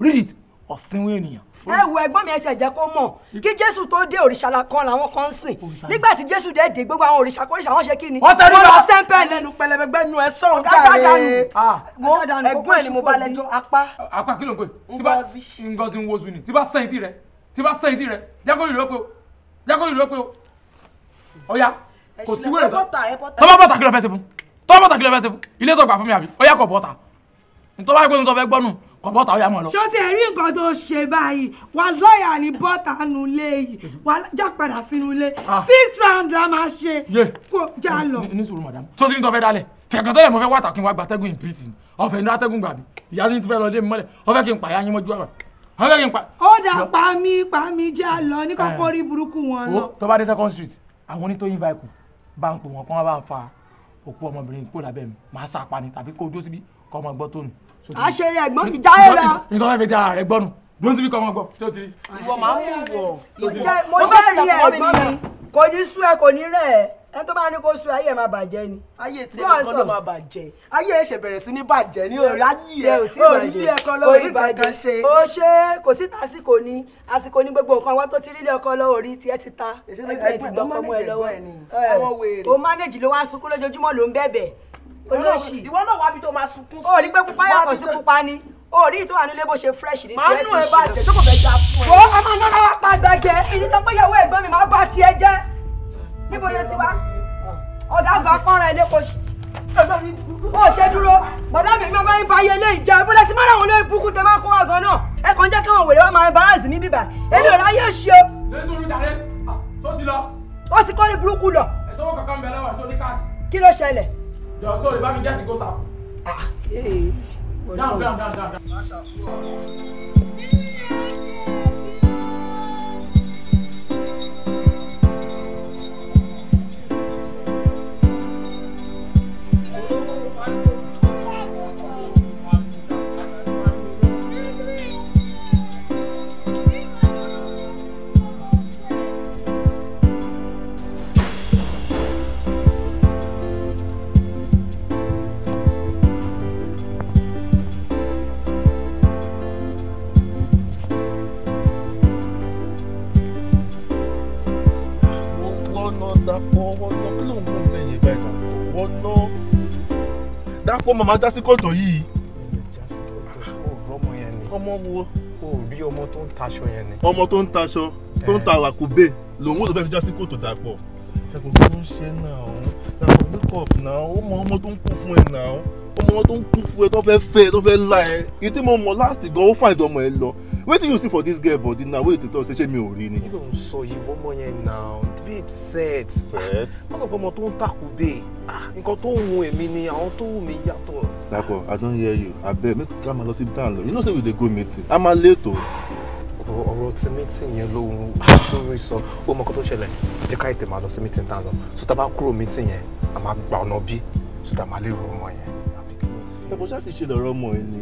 read it ọ̀sìnwó ènìyàn. ẹ wo ẹ̀gbọ́n mi ẹ tiẹ̀ jẹ́ kó mọ̀ kí jésù tó dé òrìṣà kan làwọn kan ń sìn nígbà tí jésù dé dé gbogbo àwọn òrìṣà kórìṣà wọn ṣe kí ni. wọ́n tẹnu lọ sẹ́ńpẹ́ ni. ẹnu pẹlẹbẹ gbẹnu ẹ sọ̀rọ̀ jáde. wo ẹ̀gbọ́n ẹ mo bá lẹ́jọ́ apá. apá kí ló ń pè Ngọzi Ngọzi ń wozu ni tí bá tí rẹ tí bá tí rẹ jákòrò ìlú ọpẹ́ o jákòrò ìlú ọpẹ́ o ọ̀ya kò sí wẹ̀rẹ̀ tọ́ba kọ bọ́tà ó yà mọ̀ lọ. ṣó tẹ rí nǹkan tó ṣe báyìí wà lọ́ọ̀yà ní bọ́tà nu ilé yìí wà já padà sínú ilé ah. six round la máa ṣe kó já lọ. ní sùúrù madam tó ti ní tọ́ fẹ́ dálẹ̀ tẹ̀kọ́ tẹ́lẹ̀ mo fẹ́ wà tàkùn wa gbatẹ́gùn in prison ọ̀fẹ́ ní atẹ́gùn gbàbí ìyá ti fẹ́ lọ dé mi mọ́lẹ̀ ọ̀fẹ́ kí n pààyà yín mọ́jú ọ̀rọ̀ ọ̀fẹ́ kí n pa. ó dà pa mí pa mí já lọ ní kọ́kọ́ eh. rí burúkú wọn lọ. tó bá dé second street àwọn onítọ́yìn báyìí kù bá ń pò wọn kó wọn bá ń fa òkú ọmọbìnrin kó lábẹ́ mi màá sá apani tàbí kó o dó síbí kọ́ ọmọ gbọ́ tó nù. àṣírí ẹ̀gbọ́n ti dáyé lọ. nǹkan fẹ́ fi ti ara rẹ̀ gbọ́ nù dúró síbi kọ́ ọmọ gbọ́ tó ti rí. ìwọ máa ń wọ̀ mo jẹ́ ìrìn ẹ̀gbọ́n mi kò ní sú ẹ kò ní rẹ̀ ẹ́ ẹni tó bá ní kó sùn ayé ẹ máa bàjẹ́ ni. ayé tí ẹ kọ́ ló máa bàjẹ́ ayé ẹ ṣe bẹ̀rẹ̀ sí ní bàjẹ́ ní orí ayé ẹ òní ẹ̀kọ́ lọ́wọ́ orí kankan ṣe. ó ṣe kò tí tásìkò ní àsìkò ní gbogbo nǹkan wá tó ti rí ilé ọkọ lọ́wọ́ orí tiẹ̀ ti ta ẹgbẹ́ ti gbọ́ ọmọ ẹ lọ́wọ́ ẹ o mánéjì ló wá sunkún lójoojúmọ́ ló ń bẹ̀bẹ̀ olóṣì ìwọ náà wábi tó máa sunkún sí. o ò ní pé pupa yàtọ̀ sí pupa ni o ò rí ìtò àánú bó ṣe fresh ní tiẹ̀ ti ṣe lọ. tó kò fẹ́ ja fún ẹ. o a máa nára wá pa gbẹgẹ ìdí tó pé ìyàwó ẹ̀gbọ́n mi máa bá tiẹ̀ jẹ́ níbo ló ti wá ọ̀dà àgbà pọ́nra ẹ̀ lẹ́kọ̀ọ́ o ṣe dúró bọ̀dá mi máa bá yín báyé lé ìjà ẹ bọ́lá tí má ráwọn olórí burúkú tẹ máa kó wà gan náà ẹ kàn jẹ́ káwọn wèrè wá máa balance mi bíbà èmi ò ráyè ṣe o. lẹ́sùn mi dàrẹ́ ah, sọ́sì lọ. ó ti kọ́ ní burúkú lọ. ẹ̀sọ́ wọn kankan bẹ̀rẹ̀ wà sórí káàsì. kí ló ṣẹlẹ̀ jọ ah, down down down down. dápò màmá jásí kòtò yìí. ọmọ wo. o rí ọmọ tó ń taṣọ yẹn ni. ọmọ tó ń taṣọ tó ń ta eh. àwàkùbẹ lòun ò lọ fẹ́ fi jásí kòtò dàpọ̀. ẹ̀kùn tó ń ṣe náà ó náà ó mọ ọmọ tó ń kú fún ẹ náà ó ọmọ tó ń kún fún ẹ tó fẹ́ fẹ́ tó fẹ́ la ẹ èyí tí mo mọ̀ last gan ó fàìdí ọmọ ẹ lọ wetin you see for this girl body now wey you dey say ṣé mi ò rí ni. kí ló sọ yìí wọ́n mọ̀ yẹn now babe set. set. wọ́n sọ pé ọmọ tó ń takò babe ah, nǹkan tó ń hun èmi ni àwọn tó hun mi yàtọ̀. dapò i don hear you abeg make ká máa lọ sí down you know say we dey go meeting I'm a late o. ọ̀rọ̀ ti meeting yẹn ló ń tún rí sọ ó mọ kó tó ṣẹlẹ̀ jẹ́ ká ètè máa lọ sí meeting down lọ so tá a bá kúrò meeting yẹn a máa gba ọ̀nà bí so that a máa lè ro ọmọ yẹn ẹ kò ṣáà fi ṣe lọ́rọ̀ ọmọ ẹ ni.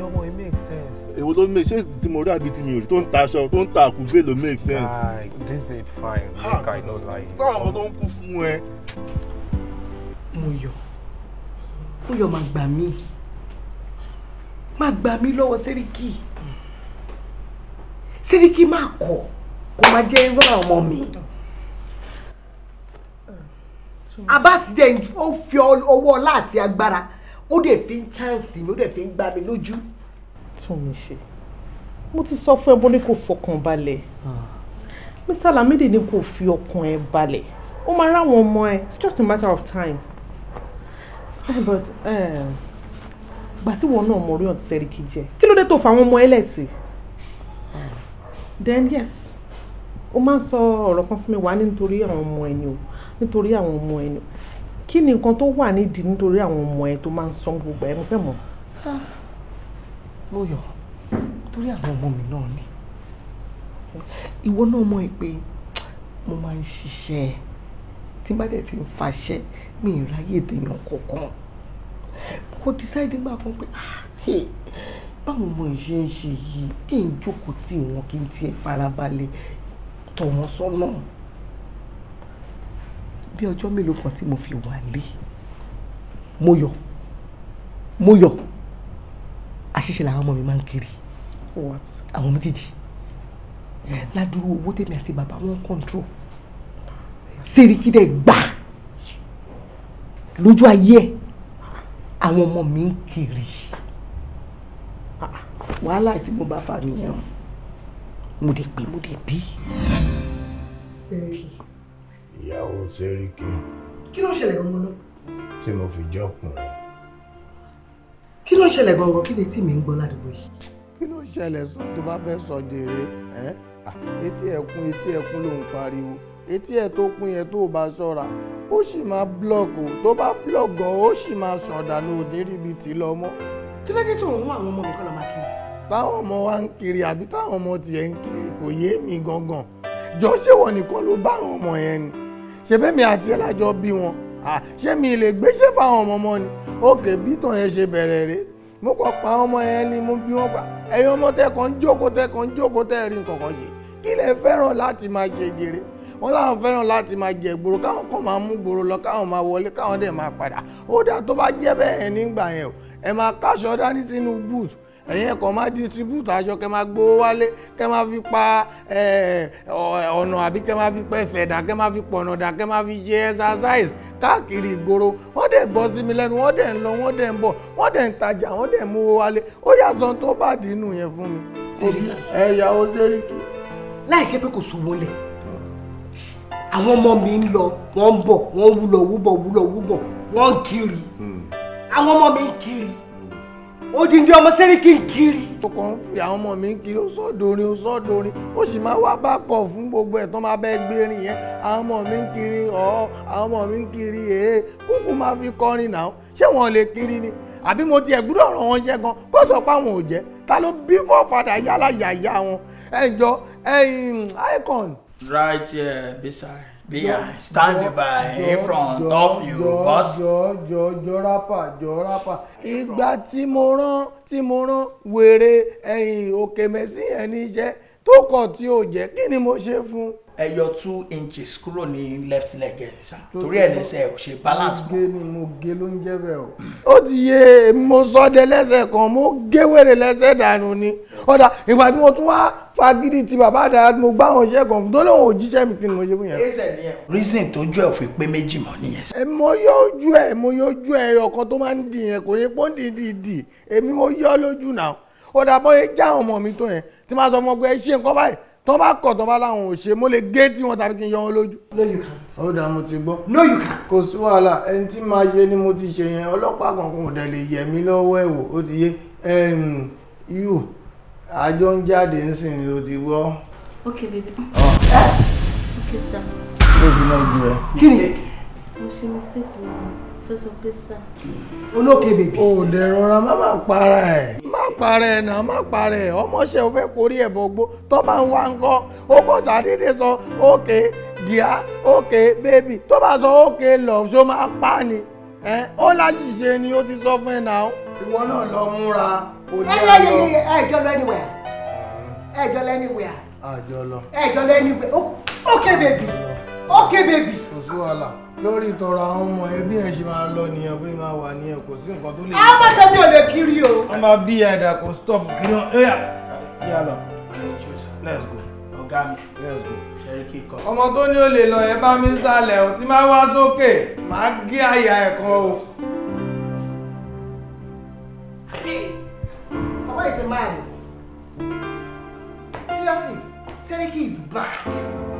ó ọmọ ẹ make sense. èwo ló make sense tí mo rí àbí tí mi ò rí tó ń ta aṣọ tó ń ta àkùgbé ló make sense. this babe fine make i no lie. báwọn ọmọ tó ń kú fún ẹ. mo yọ mo yọ máa gbà mí máa gbà mí lọ́wọ́ sẹ́ríkì sẹ́ríkì máa kọ̀ kó máa jẹ́ irú ọmọ mi. Hmm. abasi dẹ̀ ó fi ọwọ́ ọlá àti agbára ó dẹ̀ fi ń chance mi ó dẹ̀ fi ń gbá mi lójú. tún mi ṣe mo ti sọ fún ẹ bó ní kò fọkàn balẹ̀ ah. Mr. Lamidi ní kò fi ọkàn ẹ balẹ̀ ó máa ráwọn ọmọ ẹ it's just a matter of time ah, but eh, gbà tí wọn náà mọ orí ọ̀tí sẹ́ríkì jẹ kí ló dé tó fa àwọn ọmọ ẹ lẹ́tì then yes ó máa ń sọ ọ̀rọ̀ kan fún mi wá nítorí àwọn ọmọ ẹni o nítorí àwọn ọmọ ẹni o kí ni nǹkan tó wà nídìí nítorí àwọn ọmọ ẹ tó máa ń sọ gbogbo ẹ mo fẹ́ mọ̀. Ah. lóyọ̀ torí àwọn ọmọ mi náà ni ìwọ náà mọ̀ pé mo máa ń ṣiṣẹ́ tí bá dẹ̀ ti ń faṣẹ́ mi ì ráyè dèèyàn kankan kò decide nígbà kan pé ah, báwọn ọmọ ìṣe ń ṣe yìí kí n jókòó tì wọ́n kí n tiẹ̀ farabalẹ̀ tọ̀ wọ́n sọ́nà. So bí ọjọ́ mélòó kan tí mo fi wà lé mo yọ mo yọ àṣìṣe làwọn ọmọ mi máa ń kiri àwọn méjèèjì ládùúrú owó tèmi àti bàbá wọn kọ́ńtró sẹ́ríkì dẹ̀ gbà lójú ayé ẹ̀ àwọn ọmọ mi ń kiri wàhálà tí mo bá fà nìyẹn mo dẹ̀ pé mo dẹ̀ bí. sẹ́ríkì ìyàwó sẹ́ríkì. kí ló ń ṣẹlẹ̀ gangan náà. tí mo fi jọkùnrin. kí ló ń ṣẹlẹ̀ gangan kí lè tí mi ń gbọ́ ládùúgbò yìí. kí ló ń ṣẹlẹ̀ sọ tó bá fẹ́ sọ jèrè ẹ́ etí ẹ̀kún etí ẹ̀kún ló ń pariwo etí ẹ̀ tó kún yẹn tó o bá ṣọ́ra ó sì máa blọ́ọ̀gù tó bá blọ́ọ̀gù gan ó sì máa sàn dànù òdìríbi tì lọ mọ́. kí ló dé tó ń mú àwọn ọmọ mi kọ́ lọ máa kiri. táwọn ọmọ wa ń kiri àbí táwọn ọmọ tiẹ̀ ń kiri kò yé mi gangan jọ ṣé wọn nìkan ló bá àwọn ọmọ yẹn ni ṣe bẹ́mi àti ẹ̀ lájọ bí wọn ṣé mi lè gbéṣẹ́ fáwọn ọmọ ọmọ ni òkè bí tàn yẹn ṣe bẹ̀rẹ̀ rèé mo kàn pa ọmọ yẹn ni mo bí wọn pa ẹ̀yin ọmọ tẹ́kàn ń jókòó tẹ́kàn ń jókòó tẹ́ rí nǹkan kan ṣe kí lẹ fẹ́ràn láti máa ṣe gèrè wọn láwọn fẹ́ràn láti máa jẹ gbòòrò káwọn kàn máa mú gbòòrò lọ káwọn máa wọlé káwọn dẹ̀ máa padà ó dà tó bá jẹ́ bẹ́ẹ̀ nígbà yẹn o ẹ máa káṣọ dání sínú búùtù ẹ̀yin ẹ̀kọ́ máa distribute aṣọ kẹ́ máa gbowó wálé kẹ́ máa fi pa ọ̀nà àbí kẹ́ máa fi pẹ̀sẹ̀ dà kẹ́ dà kẹ́ máa fi ṣe exercise káàkiri ìgboro wọ́n dẹ̀ gbọ́ sí mi lẹ́nu wọ́n dẹ̀ ń lọ wọ́n dẹ̀ ń bọ̀ wọ́n dẹ̀ ń tajà yẹn fún mi. sẹ́ríkì. láì ṣe pé kò sówó lẹ̀ àwọn ọmọ lọ wọ́n ń bọ̀ wọ́n wúlọ̀ wúbọ̀ wúlọ̀ wúbọ̀ wọ́n kiri hmm. àwọn ọmọ kiri odindi ọmọ sẹ́ríkì ń kiri. ó kàn fi àwọn ọmọ mi ń kiri ó sọ́dọ̀rin ó sọ́dọ̀rin ó sì máa wá bá kọ̀ fún gbogbo ẹ̀ tán máa bẹ́ gbé yẹn àwọn ọmọ mi ń kiri ọ̀ àwọn ọmọ mi ń kiri èé kúkú máa fi kọrin náà ṣé wọn lè kiri ni àbí mo tiẹ̀ gbúdọ̀ ọ̀rọ̀ wọn ṣẹ́ gan kó sọ pé àwọn ò jẹ́ ta ló bí fọ́fadà yálà yàyà wọn ẹ̀ jọ ẹ̀ hm, icon. right here beside be i stand by in front of you boss. jọ jọ jọ rápà jọ rápà ìgbà tí mo rán tí mo rán wèrè ẹ̀yìn òkè mẹ́sìn ẹni iṣẹ́ tó kọ̀ tí ò jẹ́ kí ni mo ṣe fún ẹ yọ two inches kúrò ní left leg ẹ sá torí ẹ lẹsẹ ò ṣe balance mọ. mo gé ni mo gé ló ń jẹ bẹ́ẹ̀ o. ó ti yé mo sọdẹ lẹ́sẹ̀ kan mo gé wèrè lẹ́sẹ̀ dànù ni ọ̀dà ìgbà tí mo tún wá fagídí ti bàbá àdá mo gbá àwọn iṣẹ́ kan tó lóun ò jíṣẹ́ mi kí ni mo ṣe fún yẹn. ẹsẹ̀ ni ẹ. reason tó ju ẹ ò fi pé méjì mọ́ nìyẹn. ẹ mo yọ ojú ẹ mo yọ ojú ẹ ọkàn tó máa ń dì yẹn kò yẹ pé ń dì dì èmi mo yọ lójú náà ọ̀dà bọ́ yẹ já ọmọ mi tó yẹn tí máa sọ ọmọ ọgbẹ́ ṣe nǹkan báyìí tó bá kọ̀ tó bá láwọn ò ṣe mo lè gé tí wọn tàbí kí n yọ wọn lójú. no you can't. ó dà mo ti gbọ́. no you can't. kò sí wàhálà ẹni tí máa ṣe ni mo ti ṣe yẹn ọlọ́pàá kankan ò dẹ̀ lè yẹ̀ mí lọ́wọ́ ẹ̀ wò ó ti yé yù àjọ ń jáde ń sìn ni o ti gbọ́. ok baby. Oh. ok sir. ló fi náà ju ẹ. kí ni. mo ṣe mistake lónìí fẹ́ sọ pé sà. olókè bèbí. o ò lè rọra má má para ẹ má para ẹ náà má para ẹ ọmọọṣẹ ò fẹ́ korí ẹ bọgbó tó bá ń wá nǹkan ó kò sọ ókè díà ókè bébì tó bá sọ ókè lọ ṣó máa pa ni ẹ ó láṣìṣe ni ó ti sọ fún ẹ náà. ìwọ náà lọ múra òjò lọ. ẹ ẹ jọ lọ anywhere ẹ jọ lọ anywhere. àjọ lọ. ẹ jọ lọ anywhere ókè bèbí ókè bèbí. kò sí wàhálà lórí ìtọrọ àwọn ọmọ ẹbí ẹ ṣe máa lọ nìyẹn bí máa wà nìyẹn kò sí nǹkan tó lè. a má ṣe bí kiri o. wọn bá bí ẹdà kò stop kiri ọ ẹyà yà lọ. let's go. ọ̀gá mi. let's go. ọmọ tó ní o lè lọ ẹ bá mi sálẹ̀ o tí máa wá sókè máa gé àyà ẹ̀ kan o. ọwọ́ ìtì máa lò seriously Seriki is bad.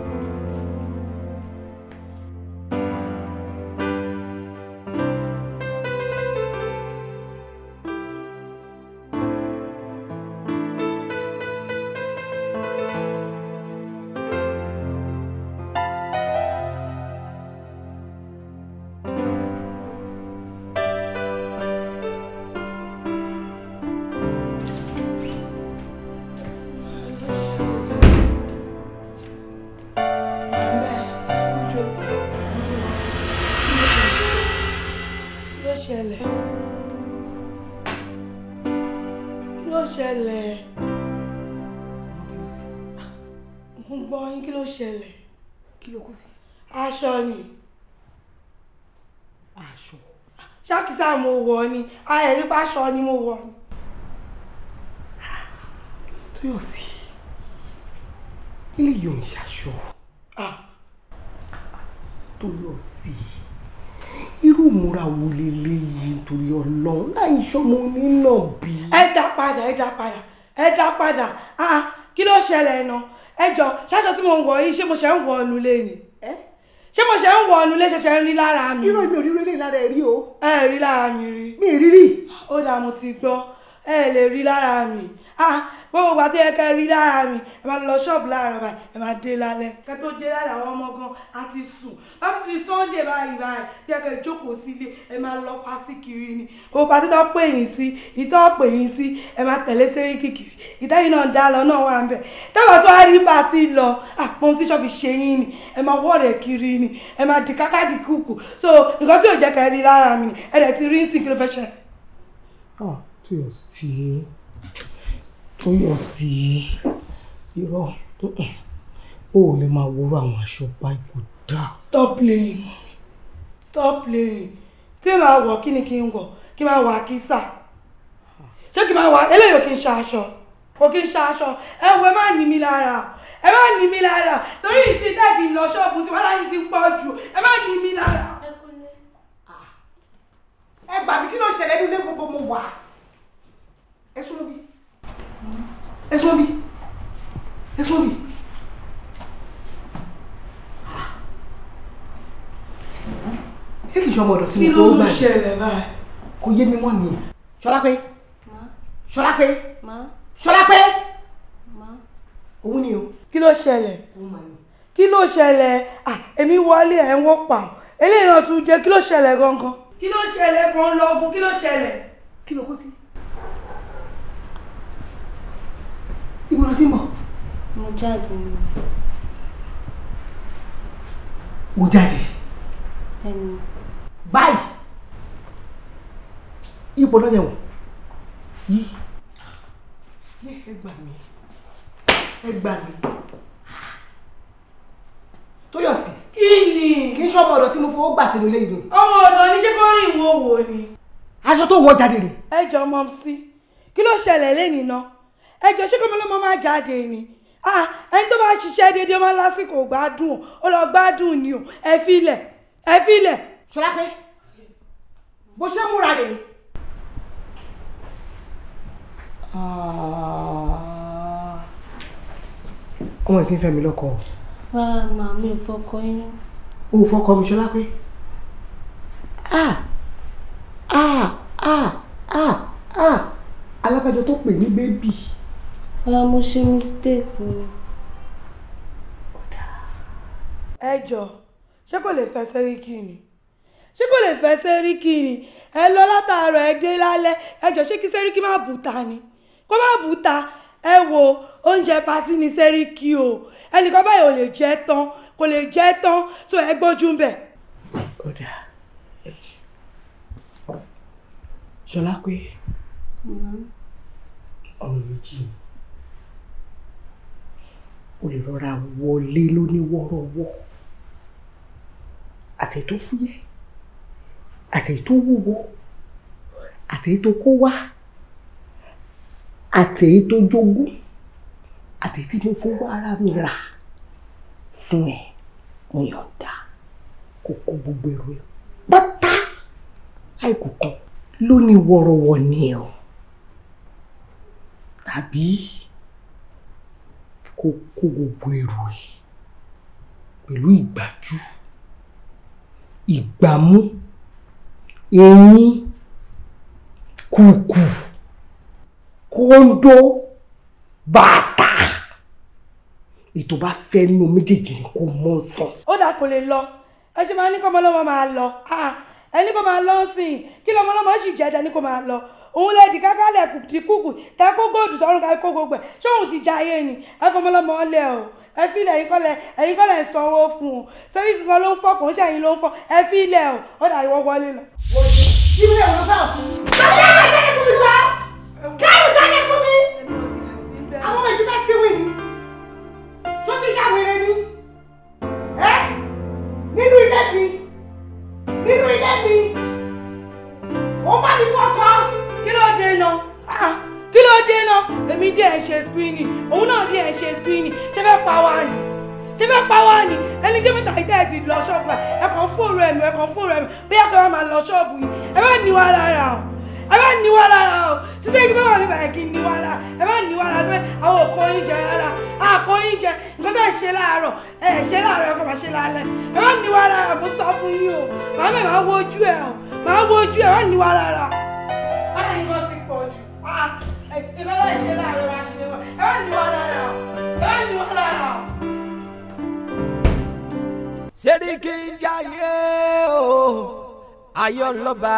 bùbá mo wọ̀ ni ẹ̀rí pàṣọ ni mo wọ̀ ni. Tóyọ̀sí ilé yóò ń ṣaṣọ. Tóyọ̀sí irú ìmúra wo leléyìí nítorí ọlọ́run láì ṣọmọ onínà bí. ẹ dá padà ẹ dá padà ẹ dá padà kí ló ṣẹlẹ̀ náà ẹ jọ ṣáṣọ tí mo ń wọ̀ yìí ṣé mo ṣe ń wọ̀ ọ́nù lé ni. Eh? ṣé mo ṣe ń wọ ọnu léṣe ṣe ń rí lára mi. irọ́ mi ò rí rí lára ẹ rí o. ẹ rí lára mi rí. mi rí rí. ó dáa mo ti gbọ́ ẹ lè rí lára mi ah, gbogbo ìgbà tó yẹ kẹ́ rí lára mi ẹ máa lọ ṣọ́ọ̀bù láàárọ̀ báyìí ẹ máa dé lálẹ́ kẹ́ tó dé lálẹ́ àwọn ọmọ gan a ti sùn láti di sunday báyìí báyìí tí ẹ kẹ́ jókòó sílé ẹ máa lọ pátí kiri ni gbogbo pátí tó pè yín sí ìtọ́ pè yín sí ẹ máa tẹ̀lé sérí kìkìrì ìtẹ́yìn náà dá lọ náà wà ń bẹ̀ tábà tó a rí pátí lọ àpọ́n sí ṣọ́ọ̀bù ṣe yín ni ẹ máa wọ́ọ̀rẹ̀ kiri ni ẹ máa dì káká dì kúkù so nǹkan tí ò jẹ́ kẹ́ rí lára Tóyọ̀sí Tóyọ̀sí irọ́ eh, ó lè máa wúrú àwọn aṣọ báyìí kò dáa. Stop playing stop playing tí màá wọ̀ kí ni kí n wọ̀ kí màá wọ̀ àkísà ṣé kí màá wọ̀ eléyìí ò kí n ṣe aṣọ kò kí n ṣe aṣọ ẹ wo ẹ má ní mi lára ẹ má ní mi lára torí ìsìn dáàdì lọ ṣọ́ọ̀bù tí wọ́n láyé ti pọ̀ jù ẹ má ní mi lára. ẹ ah. gbà mí kí ló ṣẹlẹ̀ nílé gbogbo mo wà á ẹ súnmọ́ bí ẹ súnmọ́ bí ẹ súnmọ́ bí. ṣé kìí ṣọmọ ọ̀dọ̀ tí mo kó gbà yìí. kí ló ń ṣẹlẹ̀ báyìí. kò yé mi mọ́ ni. Ṣọlápé Ṣọlápé Ṣọlápé òun ni o. kí ló ṣẹlẹ̀ kí ló ṣẹlẹ̀ à èmi wọlé ẹ̀ ń wọ́pà eléyìí náà tún jẹ́ kí ló ṣẹlẹ̀ gangan. kí ló ṣẹlẹ̀ gan-an lọ́gùn kí ló ṣẹlẹ̀. kí ló kó sí. lọ sí mọ̀. mo jáde ni. por jáde. ẹnu. báyìí ipò náà yẹn wò yí yé ẹ gbà mí ẹ gbà mí Tóyọ̀sí. kí ni. kì í ṣọmọ ọ̀dọ̀ tí mo fowó gbà sínú ilé ìlú. ọmọ ọ̀dọ̀ ní ṣé kó rìn wo wò ni. aṣọ tó wọ jáde rè. sí kí ló ṣẹlẹ̀ lẹ́nìí ẹ jọ ṣé kọ́mọ lọ́mọ máa jáde ni ẹni tó bá ṣiṣẹ́ déédéé máa lásìkò gbádùn ó lọ gbádùn ni o ẹ filẹ̀ ẹ filẹ̀. ṣọlá pé bó ṣe múra rèé. Ah. ọmọ ìkíni fẹ́ mi lọ́kọ. wàá màá mi fọkọ yín. o ò fọkọ mi ṣọlá pé. ah ah ah ah ah alábàjọ tó pè ní bébì ọ̀la mo ṣe mistake ni. ẹ jọ ṣé kò lè fẹ́ sẹ́ríkì ni ṣé kò lè fẹ́ sẹ́ríkì ni ẹ lọ látàárọ̀ ẹ dé lálẹ́ ẹ jọ ṣé kí sẹ́ríkì má bùtà ni kó má bùtà ẹ wo oúnjẹ patí ni sẹ́ríkì o ẹnìkan báyìí ò lè jẹ tán kò lè jẹ tán so ẹ gbójú ń bẹ̀. ọ̀dà ṣọlá pé ọ̀rọ̀ méjì ni o lè rọra wọlé lóníwọ́rọ́wọ́ àtẹ̀ tó fúyẹ́ àtẹ̀ tó wúwo àtẹ̀ tó kó wá àtẹ̀ tó jogún àtẹ̀ tí mo fowó ara mi rà fún ẹ mo yọ̀ǹda kó kó gbogbo ẹrù ẹ pátá àìkú kan lóníwọ́rọ́wọ́ ni ẹ o tàbí kó kó gbogbo èrò yìí pẹ̀lú ìgbájú ìgbámú eyín kùkù kóńdó bàtà ètò bá fẹ́ nu méjèèjì ni kò mọ́ ń sàn. ó dà kò lè lọ ẹ ṣe máa ní kọ́mọlọ́mọ máa lọ ah, ẹni kò máa lọ sí i kí lọ́mọlọ́mọ sì jẹ́ ẹni kò máa lọ òun lè dìgá kálẹ̀ ti kúkù tẹ kó góòdù sọ́run ká kó gbogbo ẹ̀ ṣóun ti ja ayé ni ẹ fọmọlọmọ ọlẹ o ẹ fi ilẹ̀ yín kọ́lẹ̀ ẹ̀yin kọ́lẹ̀ ń sanwó fún un sẹ́rí kankan ló ń fọ́ kò ń ṣàyìn ló ń fọ́ ẹ fi ilẹ̀ o ó dà ìwọ wọlé lọ. ìwé ìwọ bá fún mi. bàbá mi kẹ́lẹ́ fún mi wá kẹ́lẹ́ kẹ́lẹ́ fún mi. àwọn ọmọ ìdílé síwì ni tó ti yá wẹrẹ ni ẹ nínú ilé mi nínú ilé mi ó bá mi fọ́ kọ́ náà ah, kí ló dé náà èmi dé ẹ̀ ṣe screening òun náà dé ẹ̀ ṣe screening ṣé fẹ́ pa wá ni ṣé fẹ́ pa wá ni ẹni jẹ́ mẹ́ta ìdá ẹ̀ ti lọ ṣọ́ọ̀bù ẹ̀ kàn fóònù ẹ̀mí ẹ̀ kàn fóònù ẹ̀mí bóyá kí wọ́n máa lọ ṣọ́ọ̀bù yìí ẹ bá ní wá lára o ẹ bá ní wá lára o títí ẹni bá wà mí báyìí kí ní wá lára ẹ bá ní wá lára pé àwọn òkò oúnjẹ rárá àkó oúnjẹ nǹkan tá ẹ ṣe láàárọ̀ ẹ ṣe láàárọ̀ ẹ kàn máa ṣe lálẹ́ ẹ bá ní wá lára mo sọ fún yín o màá mẹ́ máa wojú ẹ o màá wojú ẹ bá ní wá lára ìbẹ́ lè ṣe láàrin wa ṣe wọ́n ẹ ẹ o ayọ̀ lọ́ba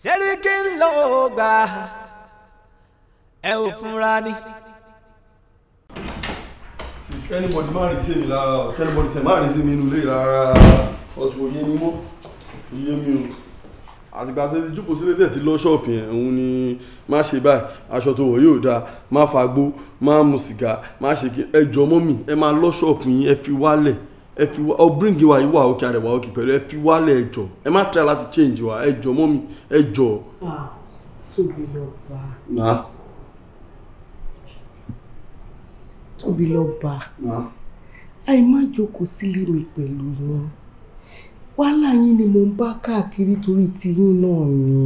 Sẹ́ríkì ń lọ gbà ẹ anybody má rí sí mi lára o anybody tẹ̀ má rí sí mi nínú ilé rárá ọ̀sùn òye ni mo òye mi o àtìgbà tó ti jókòó sílé tẹ̀ tí lọ ṣọ́ọ̀pù yẹn òun ni má ṣe báyìí aṣọ tó wọ̀ yóò dáa má fagbó má mu sìgá má ṣe kí ẹ jọ mọ́mì ẹ máa lọ ṣọ́ọ̀pù yín ẹ fi wálẹ̀ ẹ fi wá ọbíríǹgì wa yìí wà òkè àrẹwà òkè pẹ̀lú ẹ fi wálẹ̀ ẹ jọ ẹ má try láti change wa ẹ jọ mọ́mì ẹ jọ. tóbi lọ bá tóbi lọ bá àìmájókòó sílé mi pẹ̀lú wọn wàhálà yín ni mo ń bá káàkiri torí tiyín náà ni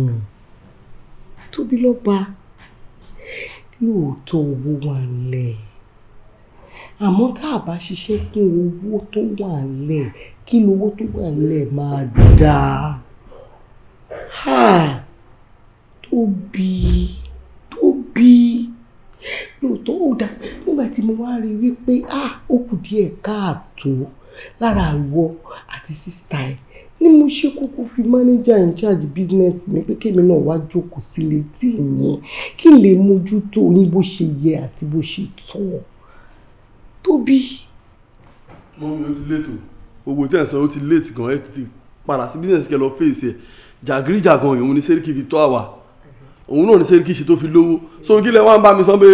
tóbi lọ́ba lóòótọ́ owó wà nílẹ̀ àmọ́ tá a bá ṣiṣẹ́ fún owó tó wà nílẹ̀ kí lowó tó wà nílẹ̀ máa dáa tóbi tóbi lóòótọ́ ó dá nígbà tí mo wá rí i wípé ah, ó kù díẹ̀ káàtó lára àwọ àti sísá ẹ ni mo ṣe kúkú fi mánéjà in charge business mi pé kémi náà wá jókòó sílé tí ìyẹn kí n lè mójútó yín bó ṣe yẹ àti bó ṣe tọ́ tóbi. mọ́mí ó ti léètò gbogbo tí ẹ̀ sọ ó ti léètì gan ẹ̀ ti para sí business kẹ lọ fèsì ẹ̀ jàgírí jàgan òun ni sẹ́ríkì fi tọ́ àwa òun náà ní Seriki ṣe tó fi lówó so kí lẹ wá ń bá mi sọ pé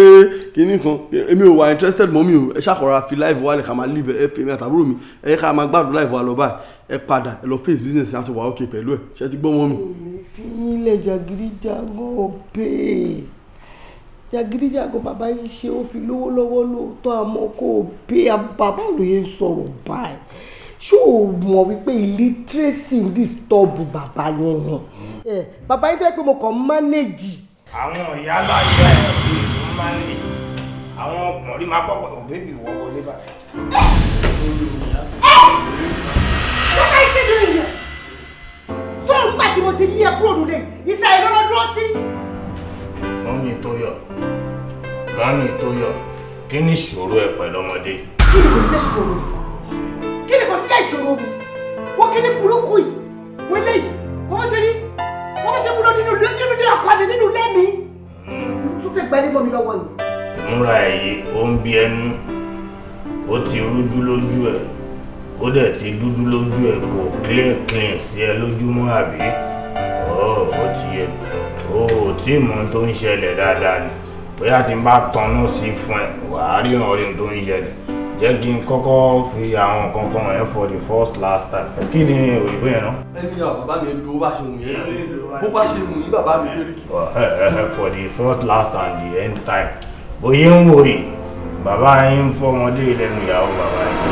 kinní kan èmi ò wà interested mọ́ mi ò ẹ ṣàkọ́ra fi live wa lè ká máa live ẹ fèmí àtàbúrò mi ẹ ká máa gbádùn live wa lọ báyìí ẹ padà ẹ lọ face business àti wà òkè pẹ̀lú ẹ ṣe ti gbọ́ mọ́ mi. ilé jàgídíjàgò pé jàgídíjàgò bàbá yìí ṣe ó fi lówó lọ́wọ́ lóòótọ́ àmọ́ kò pé bàbá òye ń sọ̀rọ̀ báyìí ṣó o mọ̀ wípé illiteracy ń disturb bàbá yẹn ni bàbá yẹn tó yẹ pé mo kàn manage. àwọn ìyá aláìyá ẹ̀ ò lè mú manage àwọn ọkùnrin máa kọ́kọ́ sọ bébì wọ́n wọlé báyìí. What are you doing here? Sọ́run nígbà tí mo ti ní ẹ kúrò nílé yìí, ìsà ìlọ́lọ́ dúró sí. Mọ́mí tó yọ̀, mọ́mí tó yọ̀, kí ni ìṣòro ẹ pẹ̀lú ọmọdé? Kí ni kò jẹ́ ìṣòro? kí kò ní dá ìṣòro mi wọ́n kí burúkú yìí wọ́n eléyìí wọ́n bá ṣe rí wọ́n bá ṣe mú lọ nínú nínú ní ọkọ mi nínú ilé mi tún fẹ́ gbalẹ́ bọ̀ mi lọ́wọ́ yìí. múra èyí ó ń bí ẹnu ó ti rújú lójú ẹ ó dẹ̀ ti dúdú lójú ẹ kò clean clean sí ẹ lójúmọ́ àbí ó ti yẹ ó tí mò ń tó ń ṣẹlẹ̀ dáadáa ni bóyá tí bá tanná sí fún ẹ wàá ríran orin tó ń ṣẹlẹ̀ jẹ́ kí n kọ́kọ́ fi àwọn nǹkan kan yẹn for the first last time kí ni òyìnbó yẹn náà. ẹni àwọn bàbá mi lo bá ṣe wù yẹn bó bá ṣe wù yín bàbá mi ṣe rí. for the first last and the end time bóyá ń wòye bàbá yín ń fọmọdé lẹ́nu ìyàwó bàbá yín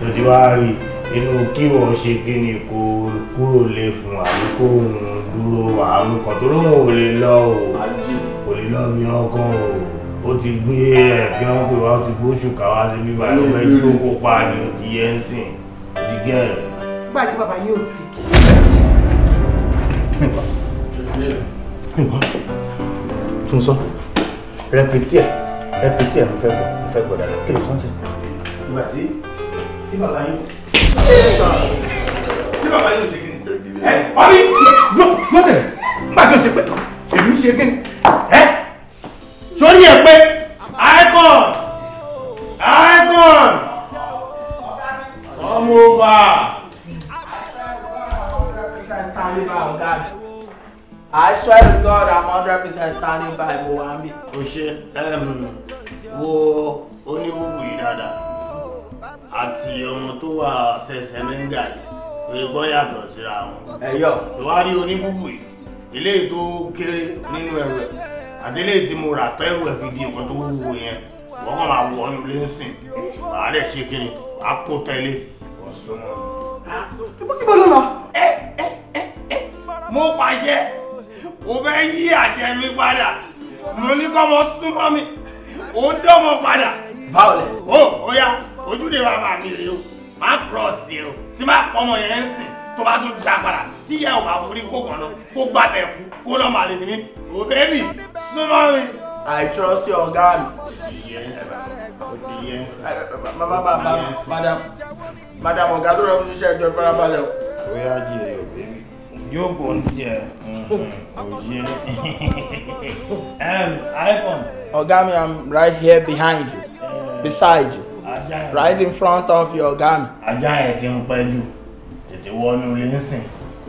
tó ti wá rí inú kí wọ́n ṣe kí ni kò kúrò lè fún àbí kò ń dúró àrùn kan tó lóun ò lè lọ o lè lọ mi ọgán o ó ti gbé ẹ̀ kí wọ́n pè wá ó ti gbóṣù káwá sí bíbá ẹ̀ ló fẹ́ jókòó pa ni ó ti yẹ ń sìn ó ti gẹ̀. nígbà tí bàbá yóò sì kí. tún sọ rẹpìtì ẹ rẹpìtì ẹ mo fẹ́ gbọ́ mo fẹ́ gbọ́ dáadáa kí ló tún sìn. ìgbà tí tí bàbá yóò tí bàbá yóò ṣe kí ni. ẹ ọ ní lọ́dẹ̀ nígbà tó ṣe pé èmi ṣe kí ni sórí ẹ̀ pé icon icon come over. I swear to God, I'm 100% percent standing by Mohammed. O ṣe wo oníwùwù yìí dáadáa àti ọmọ tó wà ṣẹ̀ṣẹ̀ lẹ́ńgà yìí gbọ́ yàtọ̀ síra wọn. Ẹ̀yọ́. Ìwádìí oníwùwù yìí, ilé ètò kéré nínú ẹ̀rọ àdélé tí mo rà tọ́ ẹrù ẹ̀ fi di nǹkan tó wúwo yẹn wọ́n kàn máa wọ̀ ọ́nú lẹ́sìn màá dẹ̀ ṣe kíni á kó tẹ́lẹ̀ ọ̀ṣun ló lọ. ẹ ẹ ẹ ẹ mo pàṣẹ mo fẹ́ yí àṣẹ mi padà mo ní kọ́ mọ súnmọ́ mi ó dọ́mọ padà. báwo ó oh, ó yá ojúde bàbá mi rèé o má cross rèé o tí má pọ́nmọ yẹn ń sìn tó bá tún dá tí ìyá ò bá forí kó kàn lọ kó gbà bẹ̀ kú kó lọ́ màlè ní o bẹ́ẹ̀bì ló bá mi. I trust your ọ̀gá mi. Mama madam madam ọ̀gá ló rọ̀ fún iṣẹ́ ìjọba farabalẹ̀ o. Bóyá jẹ́ ẹ̀ òbí mi yóò bọ̀ ń tiẹ̀ òye iphone. ọ̀gá mi i'm right here behind you eh, beside you right in front of your gami. mi. ajá yẹn ti ń pẹ́ jù ìwọ ni olè ń sìn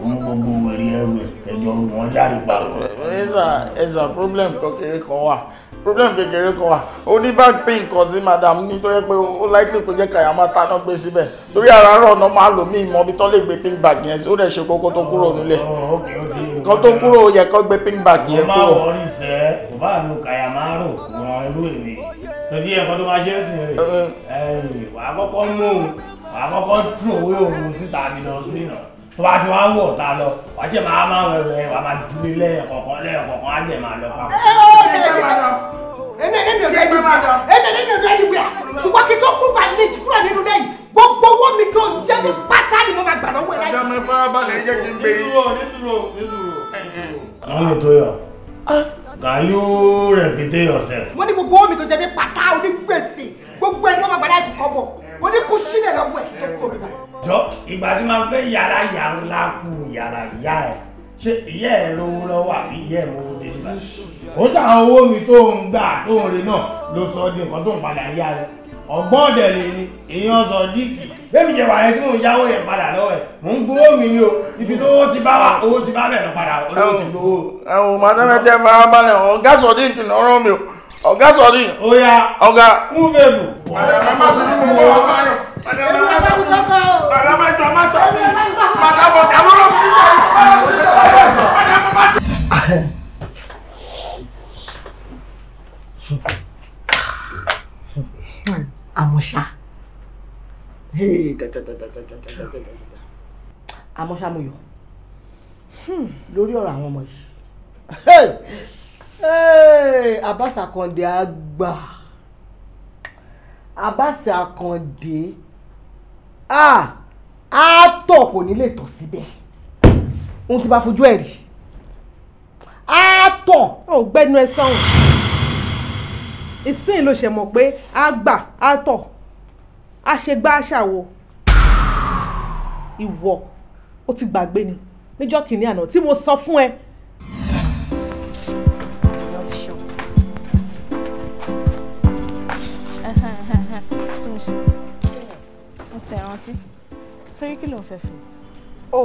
òun gbogbo wèrè ẹrù ẹjọ wọn jáde papọ̀. ẹ̀sà ẹ̀sà problem kékeré kan wà problem kékeré kan wà ó ní back pain kan tí madam ní tó yẹ pé ó likely kó jẹ́ kàyà máa taná gbé síbẹ̀ torí ara rọ̀ náà máa lò mí ìmọ̀ bí tó lè gbé pink bag yẹn ó dẹ̀ ṣe kókó tó kúrò nílé oh, kan tó kúrò yẹ kó gbé pink bag yẹn kúrò. mo máa wọrí sẹ́ kò bá lo kàyà máa rò kò irú èmi torí ẹ̀kọ́ tó máa ṣe é sìn rè uh-huh. wà á kọ́kọ́ mú un màá kọ́kọ́ dùn owó òun síta mi lọ sí ìnà tó bá ti wá wọ̀ ta lọ wàá ṣe máa máa rẹ̀ rẹ̀ wàá máa ju ní lẹ́ẹ̀kọ̀ọ̀kan lẹ́ẹ̀kọ̀ọ̀kan á dẹ̀ máa lọ pa. ẹ ọ́ ẹ ẹ máa lọ èmi èmi ò lẹ́yìn máa lọ èmi èmi ò lẹ́yìn wíyà ṣùgbọ́n kí n tó kún fàánù méjì kúrò nínú lẹ́yìn gbogbo owó mi tó jẹ́ mi pátá ni mo máa gbà lọ́wọ́ ẹ̀ láyé. ọjọ́ mi farabalẹ̀ jẹ́ kí n gbé yín. nítorí nítorí nítorí. wọ́n lè tó yọ. Can you repeat yourself? mo ní gbogbo owó mi tó jẹ́ mi pátá onígbèsè gbogbo ẹni wọ́n máa gbà láti kọ́ bọ̀ mo ní kó sílẹ̀ lọ́wọ́ ẹ̀ tó tó jọ ìgbà tí máa fẹ́ yàrá yàrá la kú yàrá yá ẹ̀ ṣe ìyá ẹ̀ lówó lọ́wọ́ àbí ìyá ẹ̀ lówó dé nígbà ó tà owó mi tó ń gbà tó ń re náà ló sọ di nǹkan tó ń padà yá rẹ ọgbọ́n ọ̀dẹ̀ lè ní èèyàn sọ díìkì bẹ́ẹ̀ni ìjẹ̀wà yẹn tí mò ń yáwó yẹn padà lọ́wọ́ ẹ̀ mò ń gbowó mi ni o ibi tó owó ti bá wa owó ti bá bẹ̀ lọ padà olówó ti gbowó. ẹ̀wọ̀n màdàmẹ́tẹ̀ farabalẹ̀ ọ̀gá sọ̀dí ìtùnú ọ̀rọ̀ mi o ọ̀gá sọ̀rí. ó yá ọ̀gá. mú bèbù. màdàmá má sọ fún mi wọ́n máa yàn. màdàmá má sọ fún mi. màdàmá jọ má sọ fún mi. màdàmá ọ̀gá ló rọ̀ fún mi. màdàmá má jọ. àmọ́ ṣá àmọ́ ṣá mo yọ̀ hmm, lórí ọ̀rọ̀ àwọn ọmọ yìí. Abbas Akande àgbà Abbas Akande àtọ̀ ah, kò ní lè tọ̀ síbẹ̀ ohun tí bá fojú ẹ̀ rí àtọ̀. ó gbẹ́nu ẹ sọ́hùn ìsìn ló ṣe mọ̀ pé àgbà àtọ̀ àṣegbá àṣàwò ìwọ ó ti gbàgbé ni níjọ́ kìíní àná tí mo sọ fún ẹ ṣe rántí sórí kí ló ń fẹ́ fún mi. o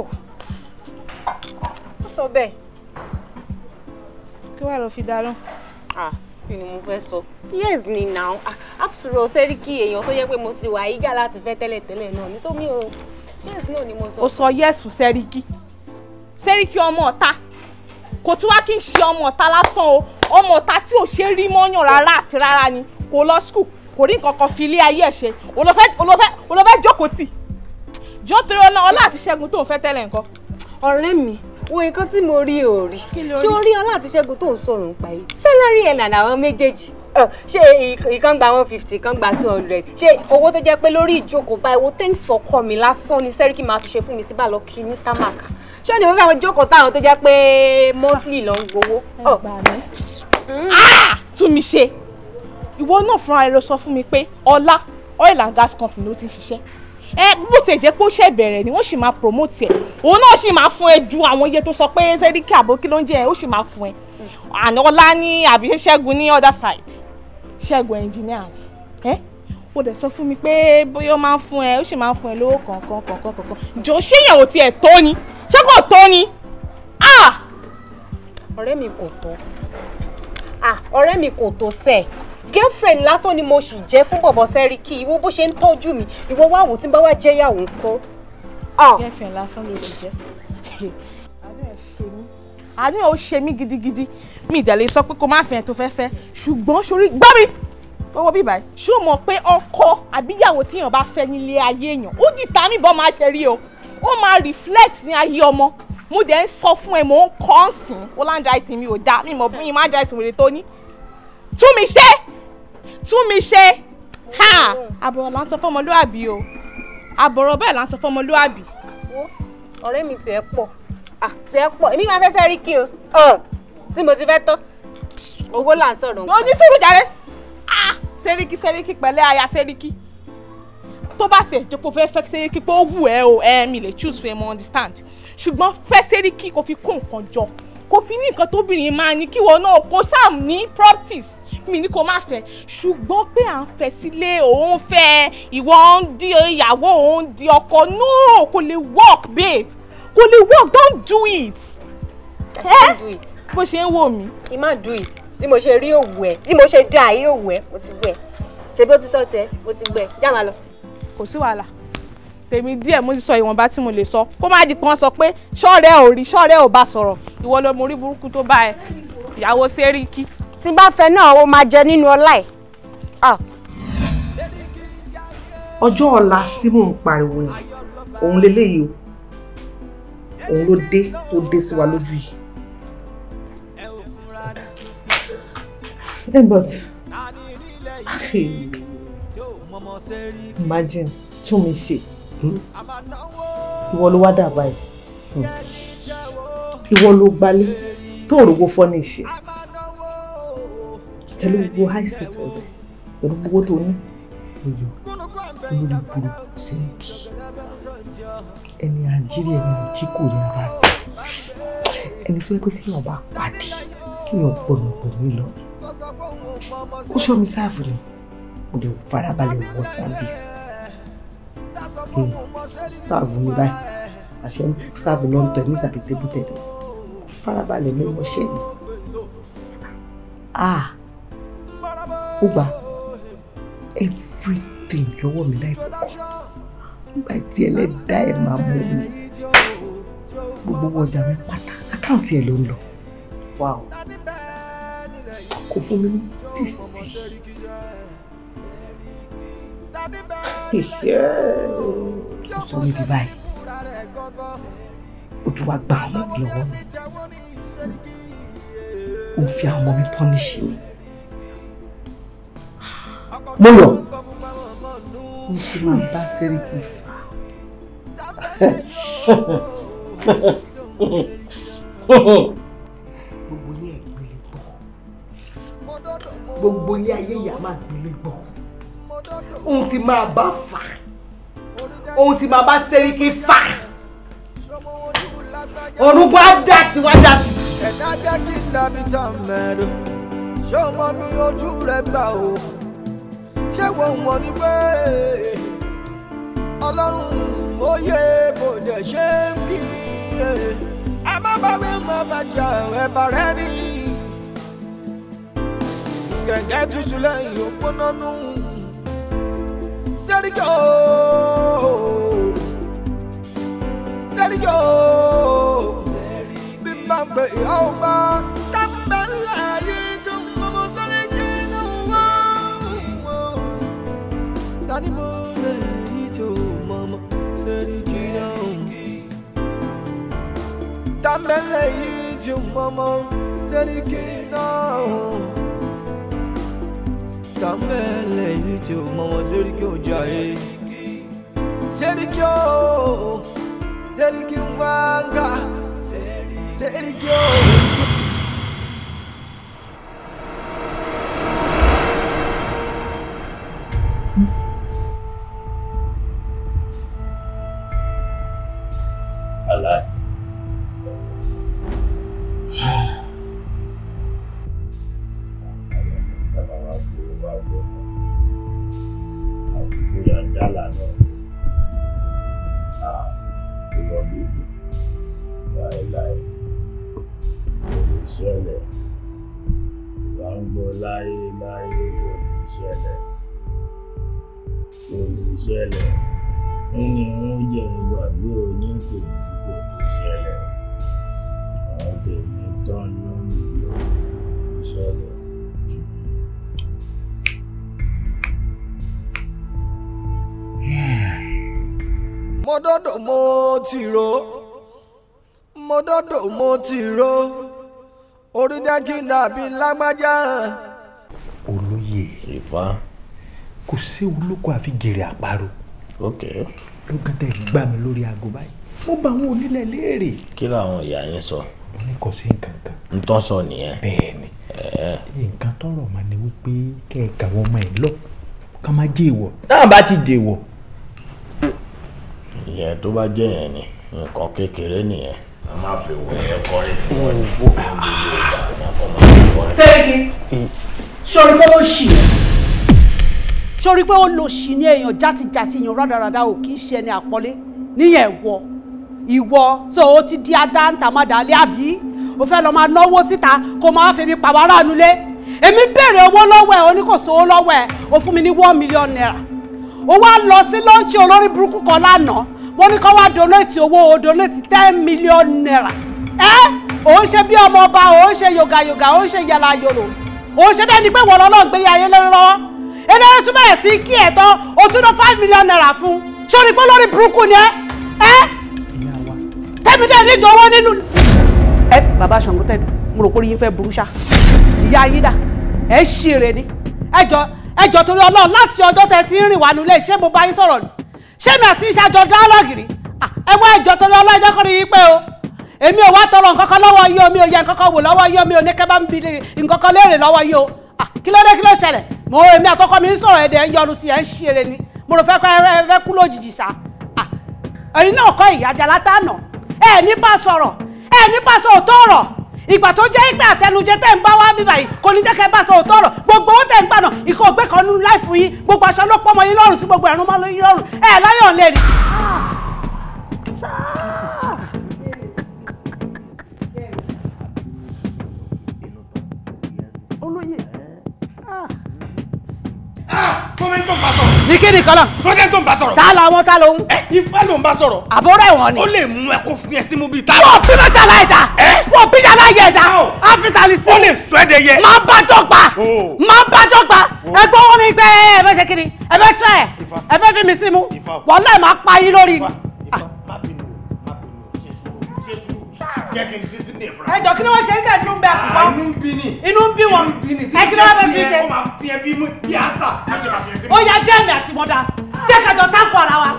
ó sọ bẹ́ẹ̀. kí wàá lọ fi dá lóhùn. ah kí ni mo fẹ́ sọ yes ni now after all Sẹ́ríkì èèyàn tó yẹ pé mo ti wà yígá láti fẹ́ tẹ́lẹ̀tẹ́lẹ̀ náà ní sómi o yes náà ni mo sọ. o sọ yes fún Sẹ́ríkì Sẹ́ríkì ọmọ ọ̀tá kò tún wá kí n ṣe ọmọ ọ̀tá lásán o ọmọ ọ̀tá tí ò ṣe é rí mọ́yàn rárá àti rárá ni kò lọ school kò rí nǹkan kan fi ilé ayé ẹ̀ ṣe olùfẹ́ jókòó tì jọ́ torí ọlá àti ṣẹ́gun tó ń fẹ́ tẹ́lẹ̀ nǹkan. ọ̀rẹ́ mi wo nǹkan tí mo rí ò rí ṣé o rí ọlá àti ṣẹ́gun tó ń sọ̀rọ̀ nípa yìí sẹ́lẹ̀rì ẹ̀ nàdà àwọn méjèèjì ṣé ìkan gba one fifty ìkan gba two hundred ṣé owó tó jẹ́ pé lórí ìjókòó báyìí wo thanks for coming lásán ni sẹ́ríkì máa fi ṣe fún mi tí bá lọ kí ní tamak ṣé o ní fẹ́ fẹ́ jókòó táwọn tó jẹ́ pé monthly ló ń gbowó. ẹ gbà mí. Ah! tún ṣe ìwọ náà fúnra rẹ ló sọ fún mi pé ọlá oil and gas company ló ti ń ṣiṣẹ́ ẹ bó ti jẹ́ pé ó ṣe bẹ̀rẹ̀ ni wọ́n sì máa promote ẹ̀ òun náà sì máa fún ẹ ju àwọn iye tó sọ pé sẹ́ríkì àbó kí ló ń jẹ́ ẹ ó sì máa fún ẹ àná ọlá ní àbí ṣẹ́gun ní other side ṣẹ́gun engineer ẹ o dẹ̀ sọ fún mi pé bóyá ó máa ń fún ẹ ó sì máa ń fún ẹ lówó kọ̀ọ̀kan kọ̀ọ̀kan kọ̀ọ̀kan jọ ṣé yẹn ò tiẹ̀ tó ni ṣé kò tó ni ah! ọ̀rẹ́ mi kò tó ah, ọ̀rẹ́ mi kò tó sẹ́ẹ̀ girlfriend lásán ni mo sì jẹ́ fún bọ̀bọ̀ Sẹ́ríkì ìwọ bó ṣe ń tọ́jú mi ìwọ wá wò tí n bá wá jẹ́ ìyàwó ńkọ́. Ah! girlfriend lásán ló ti jẹ́ àánú ò ṣe mí gidigidi mi ìdẹ̀lẹ̀ sọ pé kó má fẹ́ tó fẹ́ fẹ́ ṣùgbọ́n sórí gbọ́ mi owó bíbá yìí ṣé o mọ̀ pé ọkọ àbíyàwó téèyàn bá fẹ́ nílé ayé èèyàn ó dìtà níbọn máa ṣe rí o ó máa reflect ní ayé ọmọ mo dẹ̀ ń sọ fún ẹ mò ń kọ́ ń sìn ó láǹdà ìtì mi ò dáa mi mọ̀ bí mi máa ń da ìsìn wèrè tó ní tú ṣe tún mi ṣe àbọ̀rọ̀ là ń sọ fọmọlúàbí o àbọ̀rọ̀ báyìí là ń sọ fọmọlúàbí. ọ̀rẹ́ mi tiẹ̀ pọ̀ tiẹ̀ pọ̀ èmi máa fẹ́ sẹ́rí kí o tí mo ti fẹ́ tán owó là ń sọ̀rọ̀ nǹkan. oníṣòro jàre sẹ́ríkì sẹ́ríkì pẹ̀lẹ́ aya sẹ́ríkì tó bá tiẹ̀ jókòó fẹ́ fẹ́ sẹ́ríkì pé ó wù ẹ́ o ẹ̀ mi lè choose fẹ́ mo understand ṣùgbọ́n fẹ́ sẹ́ríkì kò fi kó nǹkan jọ kò fi ní nǹkan tóbìnrin máa ní kíwọ náà kò ṣáà ní properties mi ní kò má fẹ́ ṣùgbọ́n pé à ń fẹ́ sílé òun fẹ́ ìwọ ń di ìyàwó òun di ọkọ no kò lè work babe kò lè work don't do it. ẹ eh? bó ṣe ń wò mí. i ma do it bí mo ṣe rí òwú ẹ bí mo ṣe dá ayé òwú ẹ mo ti gbẹ ṣe bí ó ti sọ tẹ mo ti gbẹ já máa lọ. kò sí wàhálà tèmi díẹ̀ mo ti sọ ìwọ̀nba tí mo lè sọ kó má di pé sọ pé ṣọ́ọ̀rẹ́ ò rí ṣọ́ọ̀rẹ́ ò bá sọ̀rọ̀ ìwọ ló mo burúkú tó bá ẹ ìyàwó sẹ́ríkì. tí bá fẹ́ náà ó máa jẹ nínú ọlá ẹ̀. ọjọ́ ọ̀la tí mò ń pariwo yìí òun leléyìí o òun ló dé tó dé sí wa lójú yìí. but imagine tún mi ṣe. Hmm? ìwọ ló wá dàbà ẹ̀ hmm. ìwọ ló gbalé tó òrùwò fọ́nì ṣe pẹ̀lú gbogbo high status ẹ̀ pẹ̀lú gbogbo tó ní òyò olórí burú sẹ́ẹ̀kì ẹni àjírí ẹni àjí kò ní ara sí ẹni tó yẹ pé tíyàn bá pàdé kíyàn gbọ̀nà gbọ̀nà lọ ó ṣọ́ mi sáàfù ni mo lè farabalẹ̀ wọ sábìsì sáàbù mi báyìí àṣẹ sáàbù náà ń tọ́ ní sàbẹ̀tẹ̀bí tẹ̀lé farabalẹ̀ mẹ́wọ́ ṣẹ́ mi ah ó gba everything lọ́wọ́ mi láì kọ́ nígbà tí ẹlẹ́dàá ẹ̀ máa mú mi gbogbo owó ọjà mi pátá àkáǹtì ẹ̀ ló ń lọ wow kò fún mi ní sísì ó sọ níbi báyìí ó tún wá gba àwọn ọmọ lọ́wọ́ mi ó ń fi àwọn ọmọ mi pọ́níṣì mi mo yọ ó sì máa bá sẹ́ríkì fà gbogbo ní ẹ̀gbìn lè gbogbo ní ayé yàrá máa gbìn lè ohun ti ma ba fa, ohun ti ma ba sẹ́ríkì fà orúkọ àdàtì wá dàtì. ẹ̀dá jẹ́ kí n dàbí tán mẹ́rin ṣé ọmọ mi ojú rẹ̀ gbà o ṣé wọ́n wọ́n ní pé ọlọ́run ó yẹ bó dẹ̀ ṣe ń kí ẹ má bá mi mọ bàjẹ́ ẹ bá rẹ ní. kẹ̀kẹ́ tutù lẹ́yìn òpónà nù. Let it go. Let it go. ìyá ọba tábẹ́lẹ̀ mama. tó ń gbogbo sáré jẹ́ inú wọn. tani mo lè ní tó mọ́mọ́ Sergio tábẹ́lẹ̀ yìí tó ká mẹ́lẹ̀ yìí tí o mọ wọn Seriki o jàre. Seriki o Seriki ń wá ń kà Seriki o. ò mọ ti ro orí dẹ́kì nàbí lágbájá. olóyè ìfá kò séwu lóko àfi gèrè àparò lọ́gán tẹ́ gbà mí lórí aago báyìí mo bá àwọn onílẹ̀ léèrè. kí làwọn ìyá yín sọ. mo ní kò sí nǹkan kan. n tán sọ nìyẹn. bẹ́ẹ̀ni nǹkan tọrọ ma ni wípé kẹẹka wọn máa ń lọ ká má jẹ ìwọ náà bá ti dèwọ. ìyẹn tó bá jẹ́ yẹn ni nǹkan kékeré nìyẹn a máa fi wọ ẹ kọrin fún wọn mm. ní gbogbo ìgbà àwọn ọmọ kọrin. sẹ́ríkì sọ̀rí mm. pé ó ṣì yẹn sọ̀rí pé ó lò ṣì ní èèyàn játijàti èèyàn rádaràda ò kì í ṣe ẹni àpọ́nlé níyẹn wọ ìwọ tó o ti di adáǹtàmádàálé àbí o fẹ́ lọ máa náwó síta kó máa fi mi pàwọ́ aráàlú lé èmi béèrè owó lọ́wọ́ ẹ̀ oníkòsó owó lọ́wọ́ ẹ̀ o fún mi ní one million naira o wá lọ sí lọ́ńchì olórí burúkú kan lánàá wọ́n ní kó wá donate owó o donate ten million naira ẹ́ òun ṣe bí ọmọ ọba òun ṣe yoga yògà òun ṣe yàrá yòrò òun ṣe bẹ́ẹ̀ ni pé wọ́n lọ́nà gbé ayé lọ́wọ́ eléyìí tún bẹ̀rẹ̀ sí kí ẹ̀tọ́ o tún lọ five million naira fún sórí pé lórí burúkú ni ẹ ẹ tẹ́mi dẹ́ níjọ owó nínú. ẹ bàbá Ṣàngó tẹ mo rò pé orí yín fẹ́ burú ṣá ìyá yín dà ẹ ṣèrè ni ẹ jọ ẹ jọ torí Ọlọ́run láti ọjọ́ tẹ ti ń rìn wá nulẹ̀ ṣé mo bá yín sọ̀rọ̀ ni ṣé mi àti iṣẹ́ àjọ dialogue rí ẹ wá ìjọ torí ọlọ́jọ́ kọ́ ni yí pé o èmi ò wá tọrọ nǹkankan lọ́wọ́ yìí o mi ò yẹ nǹkankan wò lọ́wọ́ yìí o ò ní kẹ́ ń bi nǹkankan léèrè lọ́wọ́ yìí o kí ló dé kí ló ṣẹlẹ̀ mo èmi àtọkọ mi ń sọ̀rọ̀ ẹ̀dẹ̀ ń yọnu sí ẹ̀ ń ṣeré ni mo rò fẹ́ kọ́ ẹ fẹ́ kú lójijì sá ẹ̀yin náà kọ́ ìyájà látànà ẹ̀ ní bá sọ̀rọ̀ ẹ̀ ní bá sọ̀rọ̀ tó rọ̀ ìgbà tó jẹ́ ìpè àtẹnujẹ tẹ̀ ń bá wá bí báyìí kò ní jẹ́ kẹ́ bá sọ òótọ́ ọ̀rọ̀ gbogbo owó tẹ̀ ń gbà náà ìkọ́ ògbé kan nínú láìfù yín gbogbo aṣọ ló pọ́mọ yín lọ́rùn tí gbogbo ẹ̀rùn máa lọ yín lọ́rùn ẹ̀ láyọ̀ lè rí. olóyè Ah, fọmẹ́ntò ń bá sọ̀rọ̀. ní kí ni kọ́lọ̀. fọmẹ́ntò ń bá sọ̀rọ̀. tá làwọn tá lòun. ẹ ifá ló ń bá sọ̀rọ̀. àbúrò ẹ̀wọ̀n ni. ó lè mú ẹ kó fi ẹ sí mú bíi tá. wọ́n bí mẹ́ta láì dá. ẹ wọ́n bí yàrá yẹ dá. áfíríkà ni sí. ó lè sọ ẹ́ yẹ. máa bá jọ pa. máa bá jọ pa. Oh. ẹgbẹ́ wọn ni pé ẹ bẹ́ ṣe kiri ẹ bẹ́ tẹ́ ẹ ẹ fi mi sí mu wọ́n lẹ́ẹ̀ máa pa yín lórí. Ah jẹ́ kí n dín sí ní ìfura. ẹ jọ kí ni wọ́n ṣe ń tẹ̀ dùn bẹ́ẹ̀ kúkọ́. inú ń bí ni inú ń bí wọn ẹ kí ni wọ́n fẹ́ fi ṣe. ó máa fi ẹbí mú bí àṣà má ṣe máa fi ẹsẹ̀. ó yá dẹ́mi àti mọ́dà jẹ́ ká jọ tákù ara wa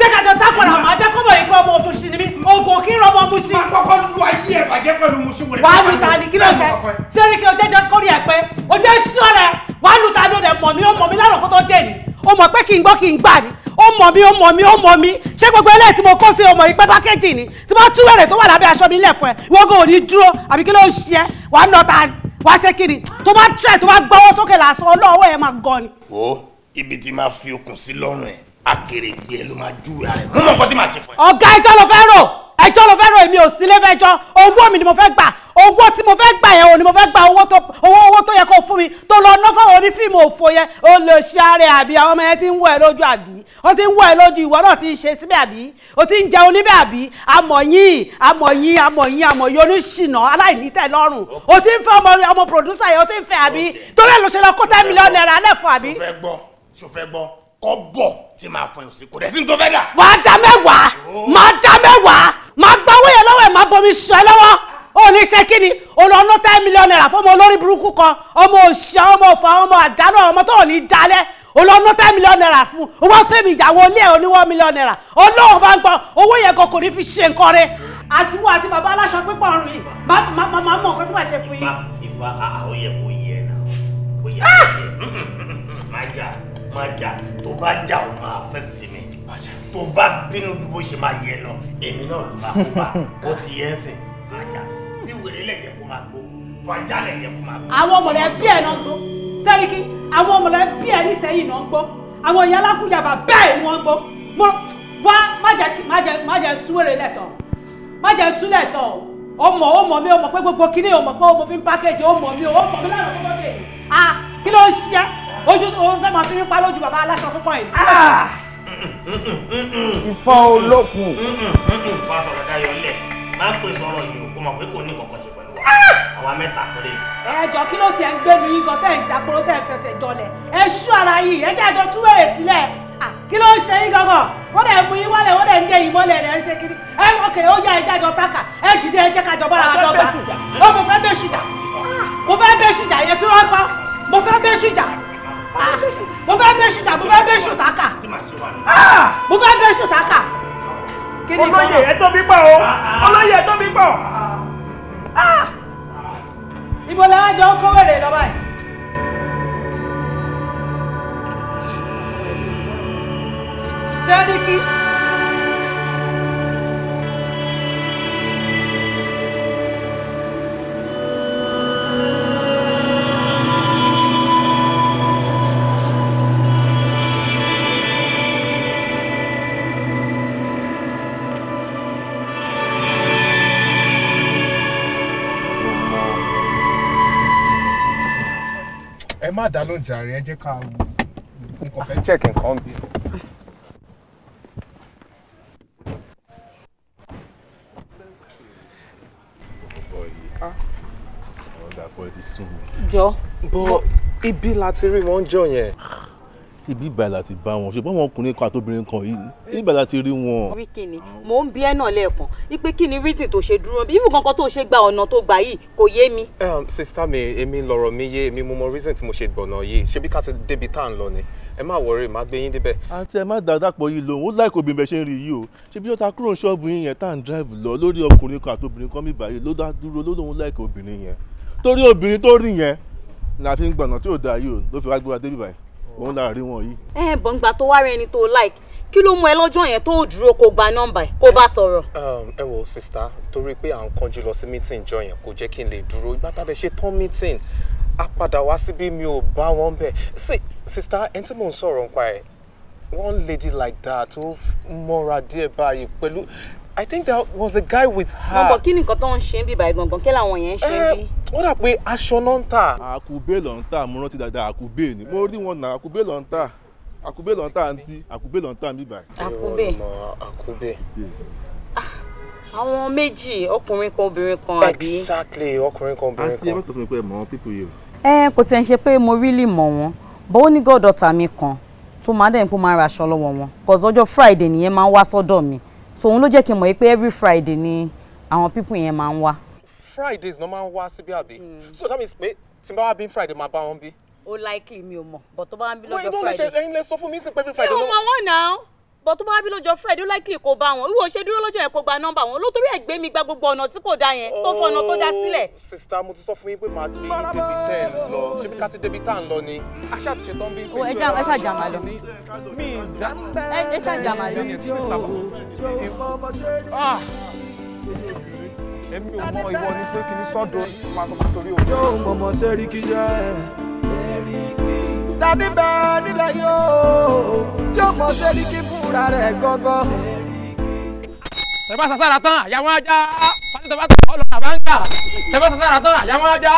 jẹ́ ká jọ tákù ara wa jẹ́ kó mọ̀ ikú ọmọ òmùsí ni mí oògùn kí n rọmọ òmùsí. máa kọ́kọ́ lu ayé ẹ̀ bàjẹ́ pẹ̀lú òmùsí wòlé. wàá lu ta kí ló ṣe sẹ́ríkì o jẹ́ kórìí ẹ̀ pé o jẹ́ sọ́ọ̀rẹ́ wàá lu ta ni dẹ̀ mọ̀ mí o mọ̀ mí láròkótó dé ni ó mọ̀ pé kí n gbọ́ kí n gbà ni ó mọ̀ mí ó mọ̀ mí ó mọ̀ mí ṣé gbogbo eléyìí tí mo kó sí ọmọ yìí pé pákéjì ni tí wọ́n tú wẹ̀rẹ̀ tó wà lábẹ́ aṣọ mi lẹ̀ fún ẹ ìwọ́gò ò ní dúró àbí kí ló ń ṣe wàá nà ta wàá ṣe kí ni tó bá tẹ̀ tó bá gbọ́wọ́ sókè lásán ọlọ́wọ́ ẹ̀ máa gan ni. wo ibi tí máa fi okùn sí lọ́rùn ẹ̀ akèrègbè ẹ̀ ló máa júwe ara ẹ̀ mú mọ̀ nǹkan tí màá ṣe fún ẹ. ọ̀gá ẹjọ́ ló fẹ́ rò ẹjọ́ ló fẹ́ rò èmi ò sílé fẹ́ jọ owó mi ni mo fẹ́ gbà owó tí mo fẹ́ gbà yẹn o ni mo fẹ́ gba owó tó owó owó tó yẹ kó fún mi tó lọ ná fáwọn onífíìmù òfò yẹn o lè ṣe ara ẹ àbí àwọn ọmọ yẹn ti ń wọ ẹ lójú àbí ó ti ń wọ ẹ lójú ìwọ náà ti ń ṣe síbẹ̀ àbí ó ti ń jẹun níbẹ̀ àbí amọ̀yìn amọ̀yìn amọ̀yìn amọ̀yìn oníṣìnà aláìnítẹ̀ lọ́rùn ó ti ń fẹ́ ọmọ ọmọ pòdúsà yẹn ó ti ń fẹ́ àbí torí ẹ̀ ló ṣe lọ kó tẹ́ dá mẹ́wàá oh. máa dá mẹ́wàá máa gbọ́ owó yẹn lọ́wọ́ ẹ̀ máa bomi ṣọ́ ẹ lọ́wọ́ oníṣẹ́ kí ni olóńó ten million naira fọmọ olórí burúkú kan ọmọ òṣìṣẹ́ ọmọ ọ̀fà ọmọ àdánù ọmọ tó ní dalẹ̀ olóńó ten million naira fún owó fẹ́mi ìyàwó ilé ẹ̀ oníwọ́ million naira olóhùn bá ń gbọ́ owó yẹn kò kò ní fi ṣe nǹkan rẹ̀. àti wo àti bàbá aláṣọ pípọ̀ ọ̀run yìí màmá mọ nǹkan tó bá ṣe fún yín. ìfà àwọn yẹ kò yẹ náà kò yẹ kò ah! yẹ má jà má jà tó bá jà ò máa affect mi tó bá bínú bí bó ṣe máa yẹ lọ èmi náà ló máa kó bá ó ti yẹ ń sìn má jà bí wèrè lẹ̀jẹ̀ kó máa gbó fàjà lẹ̀jẹ̀ kó máa gbó. àwọn mọ̀lẹ́bí ẹ̀ náà gbó sẹ́ríkì àwọn mọ̀lẹ́bí ẹ̀ nísẹ̀yìn náà gbó àwọn ìyá alákùyàbà bẹ́ẹ̀ ni wọ́n gbó wá má jẹ́ tú wèrè lẹ́tọ̀ má jẹ́ tú lẹ́tọ̀ o mọ̀ o mọ̀ mi o mọ̀ pé gbogbo kíní o mọ̀ pé o mọ̀ fi ń pákéjì o mọ̀ mi o mọ̀ mi láàrín kókó dé ah kí ló ń ṣe ojú òun fẹ́ máa fi ń pa lójú bàbá aláṣọ púpọ̀ yìí ìfọ́ olókùn. bá a sọ̀rọ̀ dayọ̀ lẹ̀ máa ń pè sọ̀rọ̀ yìí o mọ̀ pé kò ní kankan ṣe pẹ̀lú wa ah! àwa mẹ́ta péré. ẹ̀jọ̀ kí ló ti ẹ̀ ń gbé mi yín gan tẹ́ ẹ̀ ń jàpọ̀rọ̀ tẹ́ ẹ̀ ń fẹsẹ̀ jọlẹ̀ ẹ ṣú ara yìí ẹ jẹ́ àjọ tú wèrè sílẹ̀ kí ló ń ṣe yín gangan wọ́n dẹ̀ mú yín wálẹ̀ wọ́n dẹ̀ ń dé yín mọ́lẹ̀ rẹ̀ ń ṣe kiri ẹ ọkẹ́ ó yá ẹja jọ táka ẹ jìde ẹ jẹ́ kájọ bára àjọ gbà ó mo fẹ́ bẹ́ ṣùjà mo fẹ́ bẹ́ ṣùjà yẹn tí wọ́n kọ́ mo fẹ́ bẹ́ ṣùjà mo fẹ́ bẹ́ ṣùjà mo fẹ́ bẹ́ ṣùtàkà ah! mo fẹ́ bẹ́ ṣùtàkà olóyè ẹ̀tọ́ mi pọ̀ o olóyè ẹ̀tọ́ mi pọ̀. Ah! ibo làwọn jọ ń kó wèrè lọ báyìí. sẹ́ríkì. ẹ má dá lóúnjẹ rẹ ẹ jẹ́ ká wò ó nǹkan fẹ́ check nǹkan bí. Ah. jọ bọ ibi láti rí wọn jọ yẹn ibi ìbàlà ti bá wọn ṣùgbọ́n àwọn ọkùnrin kan àtòbìnrin kan yìí ìbàlà ti rí wọn. orí kìíní mò ń bi ẹ́ náà lẹ́ẹ̀kan wípé kí ni reason tó ṣe dúró bí ibùkún kan tó ṣe gba ọ̀nà tó gbà yìí kò yé mi. Um, sista mi èmi lọ̀rọ̀ mi yé èmi mo mọ reason tí mo ṣe gbọ̀nà yìí ṣebí ká ti débi tá à ń lọ ni ẹ má wọrí má gbé yín débẹ̀. àǹtí ẹ má dáadáa pọ̀ yìí lòun ó láì kò bí ṣe ń rí yìí o ṣé bí wọ́n ta kúrò ṣọ́ọ̀bù yín yẹn tá à ń dráìvù lọ lórí ọkùnrin kan àtòbìnrin kan mi báyìí ló dá dúró ló láì kò obìnrin yẹn torí obìnrin tó rí yẹn la fi ń gbọ̀nà tí ò dáa yìí o ló fi wá gbé wa débi báyìí òun la rí wọn yìí. ẹ bọ̀ǹgbà tó wá rẹ ẹni tó like kí ló mú ẹ lọ́jọ́ yẹn tó dúró kó gba nọ́mbà ẹ̀ kó bá sọ̀rọ̀. Um, ẹ wo sista torí pé à ń kánjú lọ sí mítìn jọ yẹn kò jẹ́ kí n lè dúró ìgbà tá a lè ṣe tán mítìn a padà wá síbí mi ò bá wọn bẹ̀ sista ẹni tí mò ń sọ̀rọ̀ nípa ẹ̀ one lady like that ó mọ́ra díẹ̀ báyìí pẹ̀lú I think that was a guy with her. Mọ̀bọ̀ kí ni nǹkan tó ń ṣe ń bí báyìí gangan kí làwọn yẹn ń ṣe ń bí? Wọ́n eh, dà pé aṣọ náà ń tà. Àkùbé lọ ń tà, mo rántí dáadáa, àkùbé ni. Mo rí wọn nà, àkùbé lọ ń tà. Àkùbé lọ ń tà àǹtí, àkùbé lọ ń tà ń bí báyìí. Àkùbé. Àkùbé. Ah, àwọn méjì, ọkùnrin kan obìnrin kan àbí? Exactly, ọkùnrin kan obìnrin kan. Àǹtí ẹ má sọ fún mi pé ẹ mọ̀ wọn pípò yìí o. Ẹ kò tẹ̀ ń ṣe pé mo really mọ̀ wọn, but ó ní gọ́ọ̀dọ̀tà mi kan tó máa dẹ̀ ń pò máa ra aṣọ lọ́wọ́ wọn. Kọ̀ọ̀sì ọjọ́ Friday nìyẹn máa ń wá so òun ló jẹ́ kí n mọ̀ pé every friday ni àwọn people yẹn máa ń wá. fridays náà máa ń wá síbí àbí hmm. so that means pé tí n bá wá bí friday máa bá wọn bí. ó láìkì mi ò mọ̀ bọ̀ tó bá ń bí lọ́jọ́ friday. wọ́n yìí ló ń lè sọ fún mi sí pé every friday. mi ò mọ̀ náà bọ́ tó bá bí lọ́jọ́ Friday ó láìkì kó bá wọn ìwọ ṣe dúró lọ́jọ́ yẹn kó gba nọ́mbà wọn lótórí ẹ̀ gbé mi gba gbogbo ọ̀nà tí kò dáa yẹn tó fọ tó dá sílẹ̀. Oh, sista mo ti sọ fún yín pé màá gbé débi tẹ́ ẹ lọ ṣé ká ti débi tá à ń lọ ni aṣá ti ṣe tán bí. Oh, ẹ já ẹ ṣàjà màá lọ. mi ìjà ṣàjà màá lọ. Ah! èmi ò mọ ìwọ ni pé kí ni sọ́dọ̀ máa tàbí bẹ́ẹ̀ nílẹ̀ yóò tí ó mọ̀ sẹ́ríkì fúnra rẹ̀ gọ́gọ́. tẹ̀fà sàsára tán àyàwó ajá pàṣẹ bá tún wọ́ lọ́nà báńgà tẹ̀fà sàsára tán àyàwó ajá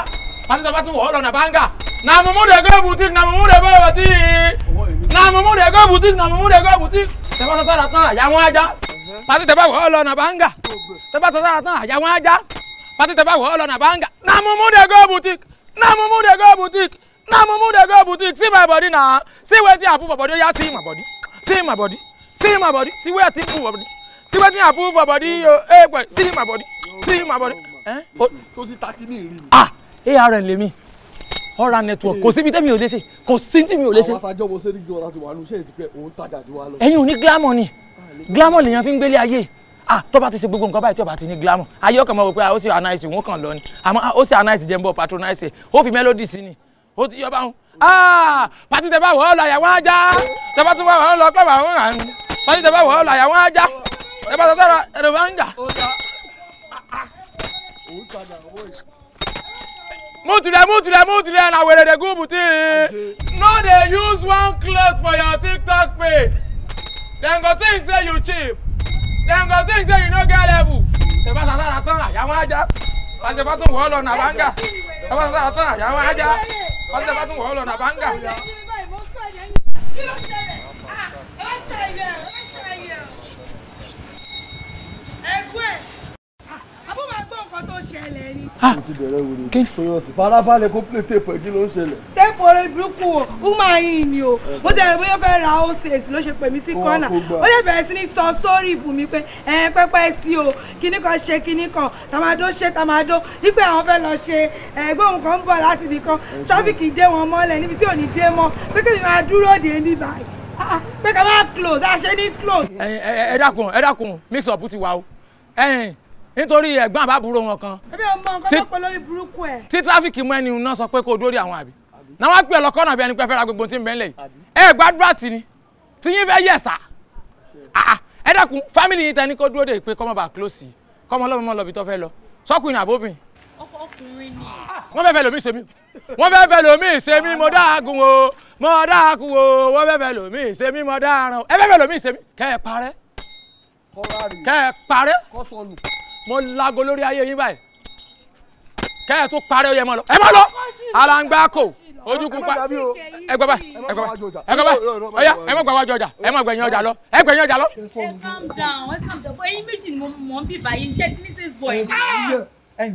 pàṣẹ tún wọ́ lọ́nà báńgà. na mumu de go boutique na mumu de go boutique na mumu de go boutique na mumu de go boutique tẹ̀fà sàsára tán àyàwó ajá pàṣẹ tẹ̀fà wọ́ lọ́nà báńgà tẹ̀fà sàsára tán àyàwó ajá pàṣẹ tẹ̀fà wọ́ lọ́nà báńgà na mumu de go boutique na mumu de go boutique. Na mumu dey go boutique. See my body na See where the approve my body. Yeah, see my body. See my body. See my body. See where the approve my body. See where the approve my body. oh eh, boy. See my body. See my body. Eh? Oh. So ti taki ni ri. Ah, ARN lèmi. Ọ̀rá network kò síbi tẹ́mi ò lé ṣe kò sí tí mi ò lé ṣe. Àwọn afajọ́ mo ní gbọ́dọ̀ láti wà nù ṣé ètí pé òun tajà ju wa lọ. Ẹ̀yin ò ní gílámọ̀ ni ah, gílámọ̀ lèèyàn fi ń gbélé ayé ah tó bá ti ṣe gbogbo nǹkan báyìí tó bá ti ní gílámọ̀ ayé ọkàn mọ̀ wò pé ah, ó sì anáìsì wọn kàn lọ ni àmọ́ ah, ó sì anáìsì jẹ́ ń bọ̀ patronize ó fi mélòdì sí ni ó ti yọ bá wọn. Ah, pàtí tẹ bá wọ̀ ọ́ làyà wọn ajá tẹ bá tún wọ̀ ọ́ lọ pẹ̀ bá wọn hàn pàtí tẹ bá wọ̀ ọ́ làyà wọn ajá tẹ bá tọ́tọ́ ẹ̀rọ bá ń jà. mutule mutule mutule na wèrè dey go boutique no dey use one cloth for your tiktok page dem go think say you cheap dem go think say you no get level tẹ bá sàtàrà tán àyà wọn ajá ọ̀sẹ̀ patung tún wọ̀ ọ́ lọ nàbáńgà ọba sọ̀rọ̀ àtọ́ àyàwó ajá ọ̀sẹ̀ bá tún wọ̀ ọ́ lọ nàbáńgà. ẹgbẹ́ àbúrò máa gbọ́ nǹkan tó ṣẹlẹ̀ ni. mo ti bẹ̀rẹ̀ wòlé kí pé sì farabalẹ̀ kó plé téèpù ẹ̀ kí ló ń ṣẹlẹ̀. téèpù orin burúkú o ó máa yin ni o mo ti rẹ̀ bóyá fẹ́ ra oṣèṣì ló ṣe pè mí sí kọ́nà ó lè bẹ̀rẹ̀ sí ní sọ sórí fún mi pé ẹ pẹ́pẹ́ sí o kíní kan ṣe kíní kan tàmádó ṣe tàmádó wípé àwọn fẹ́ lọ ṣe ẹgbóhùn kan ń bọ̀ láti ibì kan tráfíkì dé wọn mọ́lẹ̀ níbi tí ò ní dé mọ́ pé kí mi ah, ah, máa close àṣẹ ní close. ẹ ẹ dákun ẹ dákun mix up ti wà o nítorí ẹ̀gbọ́n àbábúrò wọn kan. ebi ọmọ nǹkan tó pẹ́ lórí burúkú ẹ̀. tí tráfíkì mú ẹni náà sọ pé kó dórí àwọn àbí. náà wá pè ọlọ́kọ́ bí ẹni pé fẹ́ gbogbo tí ń bẹ́ńlẹ̀ yìí. ẹ gbàdúrà tì ní tí yín fẹ́ yẹ̀ sá. ẹ dẹ́kun fámìlì yìí tẹni kó dúró dé pé kọ́mọ bá close yìí kọ́mọ lọ́bi tó fẹ́ lọ sọ́kùnrin àbóbìn. ọkùnrin ni. wọ́n fẹ́ fẹ́ lomi ṣe mo lágo lórí ayé yín báyìí kẹ́yà tó parí ọyẹ mọ́ lọ ẹ mọ́ lọ alangba kò ojú pupa ẹ ẹ gbọ́ báyìí ẹ gbọ́ báyìí ọ̀yá ẹ mọ̀ gbà wájú ọjà ẹ mọ̀ gbẹ̀yìn ọjà lọ ẹ gbẹ̀yìn ọjà lọ. Ah!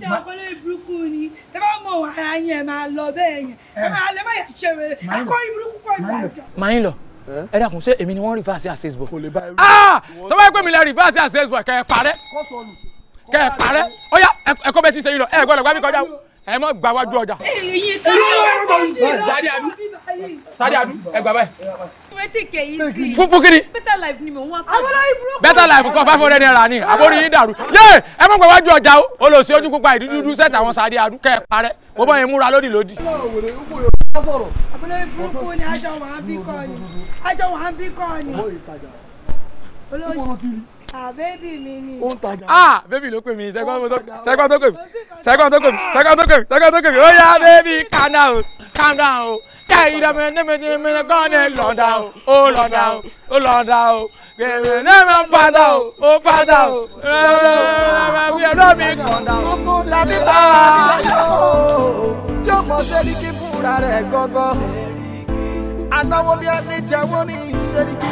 ṣé ọpọlọ ìburúkú ni ẹ bá mọ ara yẹn máa lọ bẹ́ẹ̀ yẹn ẹ eh. máa lè má yà ṣe wẹrẹ akọ ìburúkú pọ̀ ìgbà àjọ ẹ dàkún ṣé èmi ni wọ́n reverse access boy. kò lè bá ẹ wí. Ah! tó bá yẹ pé mi lè reverse access boy kẹ ẹ parẹ́ kẹ ẹ parẹ́ ó yá ẹ̀kọ́ bẹ́ẹ̀ ti ṣe yín lọ ẹ̀ gbọ́dọ̀ gbá kọjá ẹ mọ gba wájú ọjà. fúnfún kiri. better life better life kan five hundred naira ni àbórí yín dàrú. yé ẹ mọ gba wájú ọjà o olùsí ojú pupa ìdúdúdú sẹ́tà àwọn sáré adu kẹ́ ẹ parẹ́ mo bọ́ yẹn múra lódì lódì sọ̀rọ̀. burúkú ni ajọ wà á bí kọ́ ni ajọ wà á bí kọ́ ni. olóòtú. Ah, bébì mi ni. ó ń tajà. ah bébì ló pè mí sẹ́gbọ́n tó sẹ́gbọ́n tó pè mí sẹ́gbọ́n tó pè mí sẹ́gbọ́n tó pè mí sẹ́gbọ́n tó pè mí ó yá bébì calm down calm down o kẹ́hìn dàmé nẹ́mẹ́tẹ́ mẹ́tẹ́ gọ́ọ̀nẹ́ lọ́dà o ó lọ́dà o ó lọ́dà o gbèrè nẹ́mẹ́ padà o ó padà o rẹ́rẹ́rẹ́rẹ́ wíyẹn lómi kọ̀ọ̀dà o. làbí báyìí tí ó mọ̀ sẹ́ríkì fúnra rẹ̀ gọ́gọ́ anáwó bí ẹni tẹ́wọ́ ní ìṣẹ́ríkì.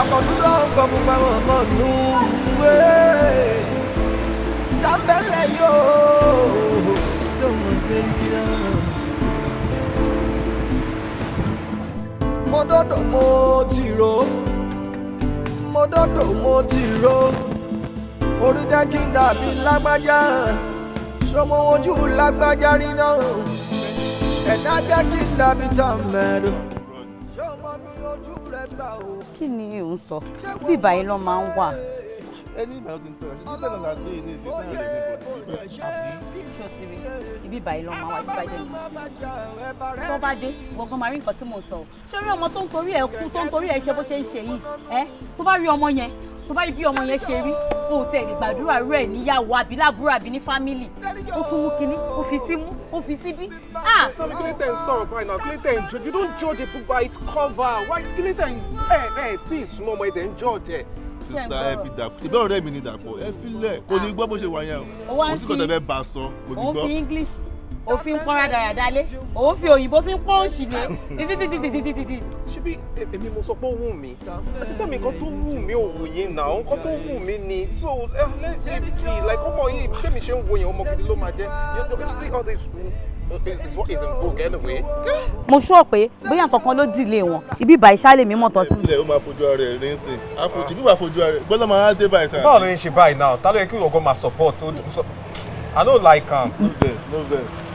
ọkọ̀dúdọ̀ gbọ̀gbọ̀gbọ̀ àwọn ọmọ nù wé sábẹ́lẹ̀ yóò tó wọ́n ṣe ń ṣe náà. mo dọ́dọ̀ mo ti rò mo dọ́dọ̀ mo ti rò orí jẹ́ kí n dàbí lágbájá ṣọmọ ojú lágbájá rí náà ẹ̀dá jẹ́ kí n dàbí tàmẹ́rù ṣọmọ mi ojú rẹ̀ gbà ó kí ni ò ń sọ bíbá yìí ló máa ń wà. ẹni ìgbà tó ń tọ́ ẹ ṣe tẹ́lẹ̀ náà dé ilé ìṣe tẹ́lẹ̀ lè ní bọ̀dé ibi lọ máa wá ibi báyìí lọ tó bá dé gbọ̀ngàn máa rí nǹkan tí mò ń sọ o ṣé rí ọmọ tó ń torí ẹ kú tó ń torí ẹ ṣe bó ṣe ń ṣe yìí ẹ tó bá rí ọmọ yẹn tó bá rí bí ọmọ yẹn ṣe rí o tẹ lè rẹ níyàwó àbí lábúrò àbí ní fámìlì ó fún mú kínní ó fi sí mú ó fi sí bí. clinton ah! sọ̀rọ̀ báyìí náà clinton judge you don't judge a book by its cover why clinton ẹ ẹ tí ì súnmọ́ ọmọ ẹ̀ ń judge ẹ̀ sista ẹ fi dàpọ̀ ṣe bẹ́ẹ̀ ọ̀rẹ́ mi ni dàpọ̀ ẹ fi lẹ̀ kò ní gbọ́ bó ṣe wà o kò sí kò òfin pọ́n rádaràda lé òun fi òyìnbó fi ń pọ́n òṣì lé títítítítítítítí. ṣebí e, èmi mo sọ pé ó wù mí sísá mi kan tó wù mí ò wù náà òun kan tó wù mí ni so eh, let's leave it be like ọmọ yìí tẹ́mi ṣe ń wo yẹn ọmọ gidi ló máa jẹ́ you see all this uh, mo sọ pé bóyá nǹkan kan ló dìlé wọn ibi ìbà ìṣá lè mí mọ̀ tọ́ sí. ìpínlẹ̀ ó máa fojú ara ẹ̀ rí sí i àfojì bí wàá fojú ara ẹ̀ gbọ́dọ̀ máa dé báyìí sáà. báwo ló ń ṣe báyìí náà ta ló yẹ kí ìwọ̀n gan máa support i no like am. no vex no vex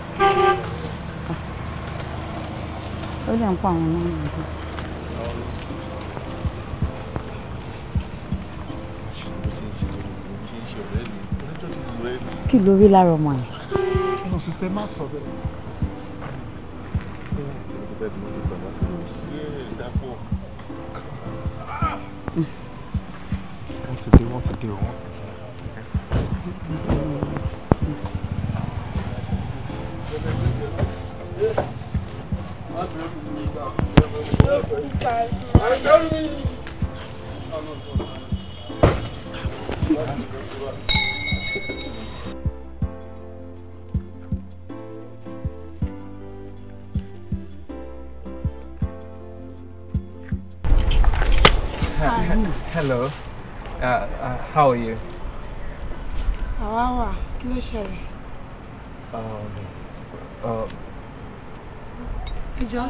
ó ló rí lára ọmọ yẹn. ọmọ sísè má sọ bẹ́ẹ̀. wọ́n ti dé wọ́n ti dé o wọ́n ti dé. Hello. Uh, uh, how are you? Àwa wà, kí ló Um, uh, ìjọ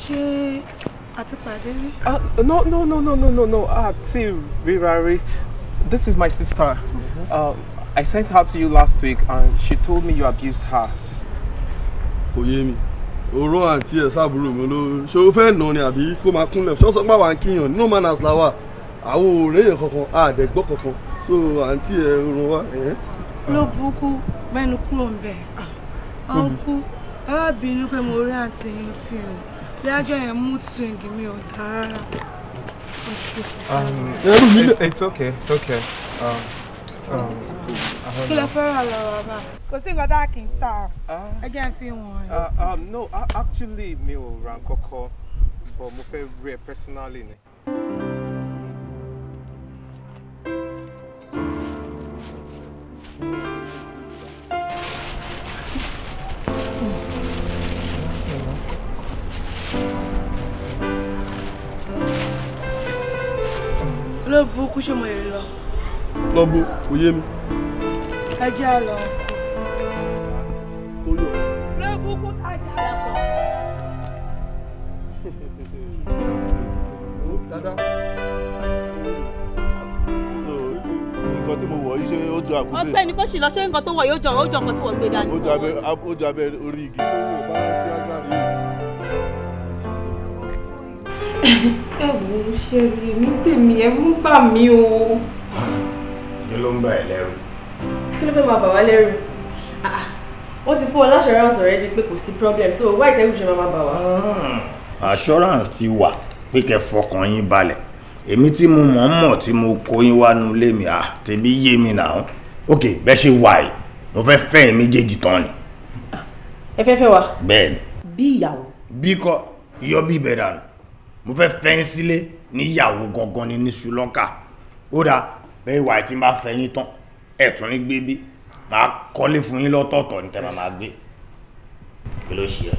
ṣé a ti pàdé ah, no no no no no no no a ti this is my sister Uh, I sent her to you last week and she told me you abused her. Oyemi, yé mi òró àǹtí ẹ̀ sábúrò mi ló ṣe o fẹ́ nà ni àbí kó máa kúnlẹ̀ ṣọ́sọ́ pà wá ń kíyàn no manners la wà àwọn òrèyàn kankan àdẹ̀gbọ́ kankan so àǹtí ẹ̀ òrùn wa. ló burúkú mẹ́nu kúrò ń bẹ̀ ọ̀hún ah. kú ẹ bínú pé mo rí àǹtí yín fi hàn lájọ yẹn mood swing mi ò dára. Um, ẹrù mi lè. it's okay it's okay. Um, um, kí lẹ fẹ́ rà lọ́wọ́ bá kò sí nǹkan tá a kì í tà ah. ẹ fi wọ̀n ẹ. Uh, um, no actually mi ò ra nǹkan but mo fẹ́ rí ẹ personally ni. kú ṣe mo lè lọ. kò yé mi. ẹ jẹ́ à ọgbẹ́ni kò lọ ṣé nǹkan tó wọ̀ yóò jọ ó tí wọ́n gbé dání. ó jọ abẹ́ orí igi. ẹ wò ó ṣe rí ní tèmi ẹ ń bà mí o. kí ló ń bà ẹ́ lẹ́rù. kí ló fẹ́ máa bà wá lẹ́rù ah, ah. wọ́n ti fún ọ láṣọránsì rẹ di pé kò sí problem so why ìtẹ́gùn ṣe máa bà wá. Ah, assurance ti wà pé kẹ́ fọkàn yín balẹ̀ èmi tí mo mọ̀ mọ̀ tí mo kó yín wá nu lé mi ah tèmi yé mi nà án ok bẹ́ẹ̀ ṣe wà yìí mo fẹ́ fẹ́ ẹ̀ méjèèjì tán ni. ẹ fẹ́ fẹ́ wa. bẹ́ẹ̀ bí ìyàwó. bí kọ yọ bí bẹ̀rẹ̀ àná mo fẹ́ fẹ́ sílé níyàwó gangan ni ní ṣùlọ́kà ó dáa bẹ́ẹ̀ ìwà tí n bá fẹ́ yín tán ẹ̀tún ní gbé bí màá kọ́lé fún yín lọ́tọ̀ọ̀tọ̀ ní tẹ́lẹ̀ máa gbé. kí ló ṣe ẹ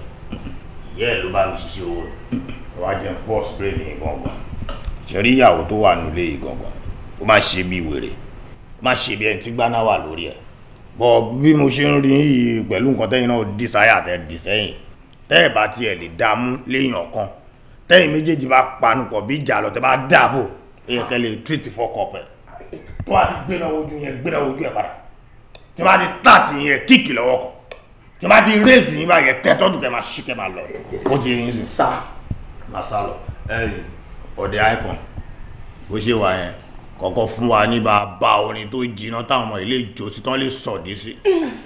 ìyá ẹ ló bá mi ṣiṣẹ́ owó rẹ wàá jẹ bọ́ spray ní gangan ṣẹ̀rí ìyàwó tó wà nílé yìí gangan ó má ṣe bí wèrè má ṣe bí ẹni tí gbaná wà lórí ẹ bọ bí mo ṣe ń rí yìí pẹ̀lú nǹkan tẹ́yìn náà dísáyà tẹ́ dísẹ́yìn tẹ́ ẹ̀ bá tiẹ̀ lè dààmú léèyàn kan tẹ́yìn méjèèjì bá panupọ̀ bí ìjà lọ tẹ́ bá dáàbò èyàn kẹ́ lè tírìtì fọ́kọ̀ pẹ̀ tó bá ti gbéra ojú yẹn gbéra ojú ẹ̀ padà tí bá ti start yẹn kíkì lọ́wọ́ kan tí bá ti raise yín bá yẹn tẹ́tọ́jú kẹ́ máa ṣí kẹ́ máa lọ ó ti yín sùn sá máa sá lọ ẹ̀yìn ọ̀dẹ̀ icon bó ṣe wà yẹn kọ̀ọ̀kan fún wa ní bàbá orin tó jiná táwọn ọmọ ilé ìjọsìn tán lè sọ̀dí sí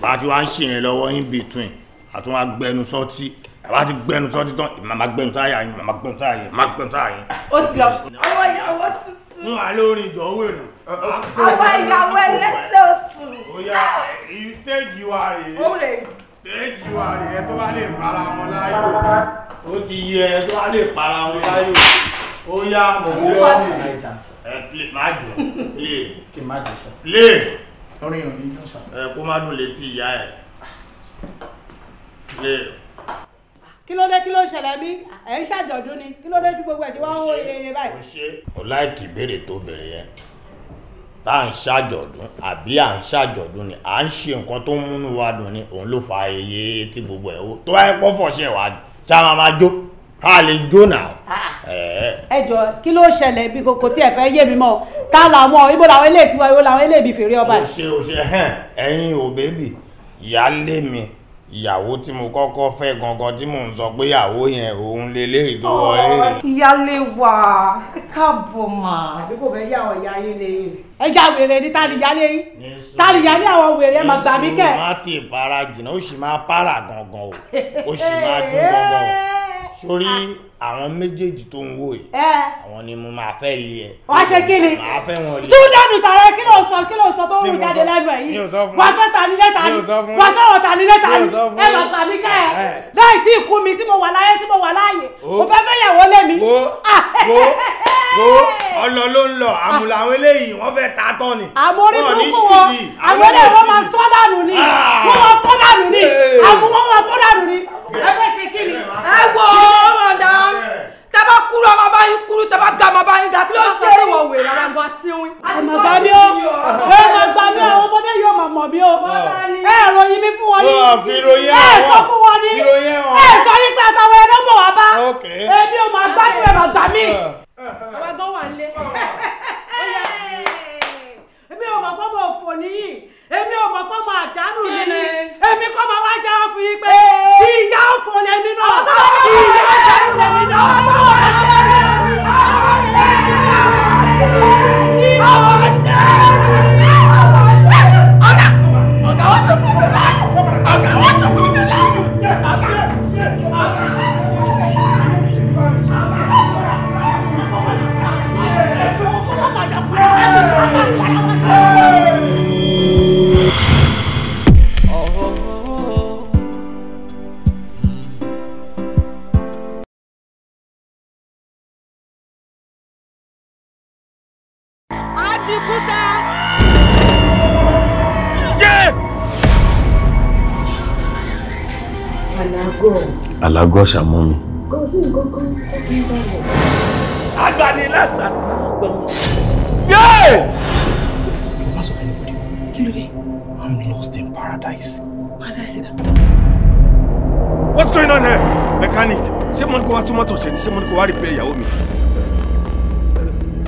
bá a ń ṣe yẹn lọ́wọ́ in between àtúnwá gbẹnusọ́tì àbá ti gbẹnu sọ títán màmá gbẹnu sáyà yín màmá gbẹnu sáyà yín màmá gbẹnu sáyà yín. ó ti lọ ọwọ́ ìyàwó tuntun. ń wà lórí ìjọ owó èrò. àwọn ìyàwó ẹlẹ́sẹ̀ oṣù. ó yá ìtẹ́jì wa rèé. ó rè é. ìtẹ́jì wa rèé ẹ tó bá lè para wọn láyò. ó ti yẹ ẹ tó bá lè para wọn láyò. ó yá mọ̀ ní ọ́fíìsì. ẹ má jù lé. kí n má jù sọ. lé. orin ò ní dùn sọ. ẹ kó má dùn létí ìyá ẹ. lé kí ló dé kí ló ṣẹlẹ̀ mí ẹ̀ ń ṣàjọ̀dún ni kí ló dé tí gbogbo ẹ̀ ṣe wá ń wó yeye báyìí. o ṣe o láìkì ìbéèrè tó bẹ̀rẹ̀ yẹn tá à ń ṣàjọ̀dún àbí à ń ṣàjọ̀dún ni à ń ṣe nǹkan tó ń múnú wa dùn ni òun ló fa iye tí gbogbo ẹ̀ wó tó bá pọ́ fọ̀ṣẹ́ wa ṣá máa máa jó ká lè jó nà. Ah, ah. ẹ jọ kí ló ṣẹlẹ̀ bí kò tí ẹ fẹ́ yé mi mọ́ ta làwọn ibo làwọn eléyìí tiwa ibo làwọn eléyìí bí fèrè ọba. o ṣe o ò mi ìyàwó tí mo kọ́kọ́ fẹ́ gangan tí mò ń sọ pé ìyàwó yẹn òun leléyìí tó wọlé. ìyáálé wa ẹ káàbọ̀ mà. àdúgbò fẹ́ yà ọ̀ ìyá yín lè. ẹ já wèrè ní tá a lè yálé yín tá a lè yálé àwọn wèrè ẹ máa gbà kẹ. èso má ti jìnnà ó sì máa para gangan o ó sì máa dún gangan o sórí àwọn méjèèjì tó ń wò yìí àwọn ni mo máa fẹ́ yìí ẹ. wàá ṣe kí ni màá fẹ́ wọn lè. tún dànù tààrẹ kí ló sọ kí ló sọ tó ń rú jáde lẹ́nu ẹ̀ yìí wàá fẹ́ ta ni lẹ́ta ni wàá fẹ́ wọn ta ni lẹ́ta ni ẹ lọ gbà mí kẹ́ ẹ láì tí ì kú mi tí mo wà láyé tí mo wà láàyè mo fẹ́ fẹ́ yàwó lé mi. wo ah. wo wo ọlọ ló ń lọ àmùlò àwọn eléyìí wọn fẹ́ ta tán ni. àmọ́ orí burúkú wọn àwọn eléyìí wọn máa sọ ni ah. wọn máa fọ́ ni àmọ́ wọn máa ni ẹ fẹ́ ṣe kí ni ẹ wo ọ̀dà tẹ bá kúrú ọmọ bá yín kúrú tẹ bá ga ọmọ bá yín ga kí ló ṣe é. wọ́n wèrè ara gba síwín. ẹ má gbà mí o ẹ má gbà mí àwọn ọmọdé yóò má mọ̀ mí o ẹ ròyìn mi fún wọn ní ẹ sọ fún wọn ní ẹ sọ yín pé àtàwọn ẹlẹ́gbọ̀n wá bá èmi ò má gbádùn ẹ má gbà mí. ọba gan wà ń lé. èmi ò mọ̀ pé mo fò níyì èmi ò mọ̀ pé mo àdánù níyì èmi kọ́ máa wá jáwọ́ fún yín pé ìyá òfò lèmi náà ìyá àdánù lèmi náà. Oh, no! ti Alago. ta. alágọ̀. alágọ̀ ṣàmọ́ mi. kò sí nǹkan kan kókè balẹ̀. agbanilágbà gbọ̀n. yéè. you pass of anybody. kí ló dé. I'm lost in paradise. paradise dà. what's going on here mechanic ṣé mo ní kó wá tó mọ́tò ṣe ni ṣé mo ní kó wá rí ìyàwó mi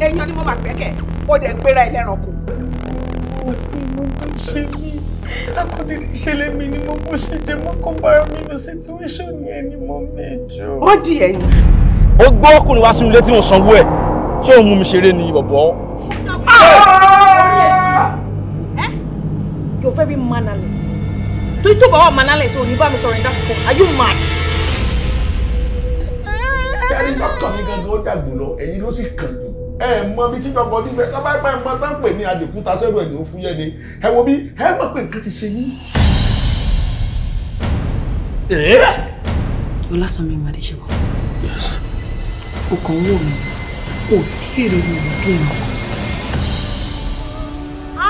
èèyàn ni mo máa gbẹ́kẹ̀ ó dẹ̀ gbéra ẹlẹ́ran kù. mo tó ṣe mí akọni ìṣẹ̀lẹ̀ mi ni mo kó ṣe jẹ mo kó bára mi lọ situation yẹn ni mo mẹjọ. wọ́n di ẹ̀yìn. ó gbọ́ ọkùnrin wá sínú ilé tí mo sanwó ẹ̀ ṣé òun mú mi ṣeré ni bọ̀bọ̀. You're very mannerless. tó tó bá wà mannerless ò ní bá mi sọ̀rọ̀ in that tone are you mad. sẹ́ni dọ́kítọ̀ mi gan-an ló dàgbò lọ èyí ló sì kàn jù ẹ mọ bí tíjọpọ̀ nígbẹ́ tó bá pẹ́ mọ tán pè ní adìkúta sẹ́rù ẹ̀ ní ó fúyẹ́ ni ẹ wo bí ẹ mọ̀ pé nǹkan ti ṣe yín. ọlásánmi Adéṣẹ́wọ̀ o kàn ń wò o tí èrè mi ò bí ẹ̀rọ.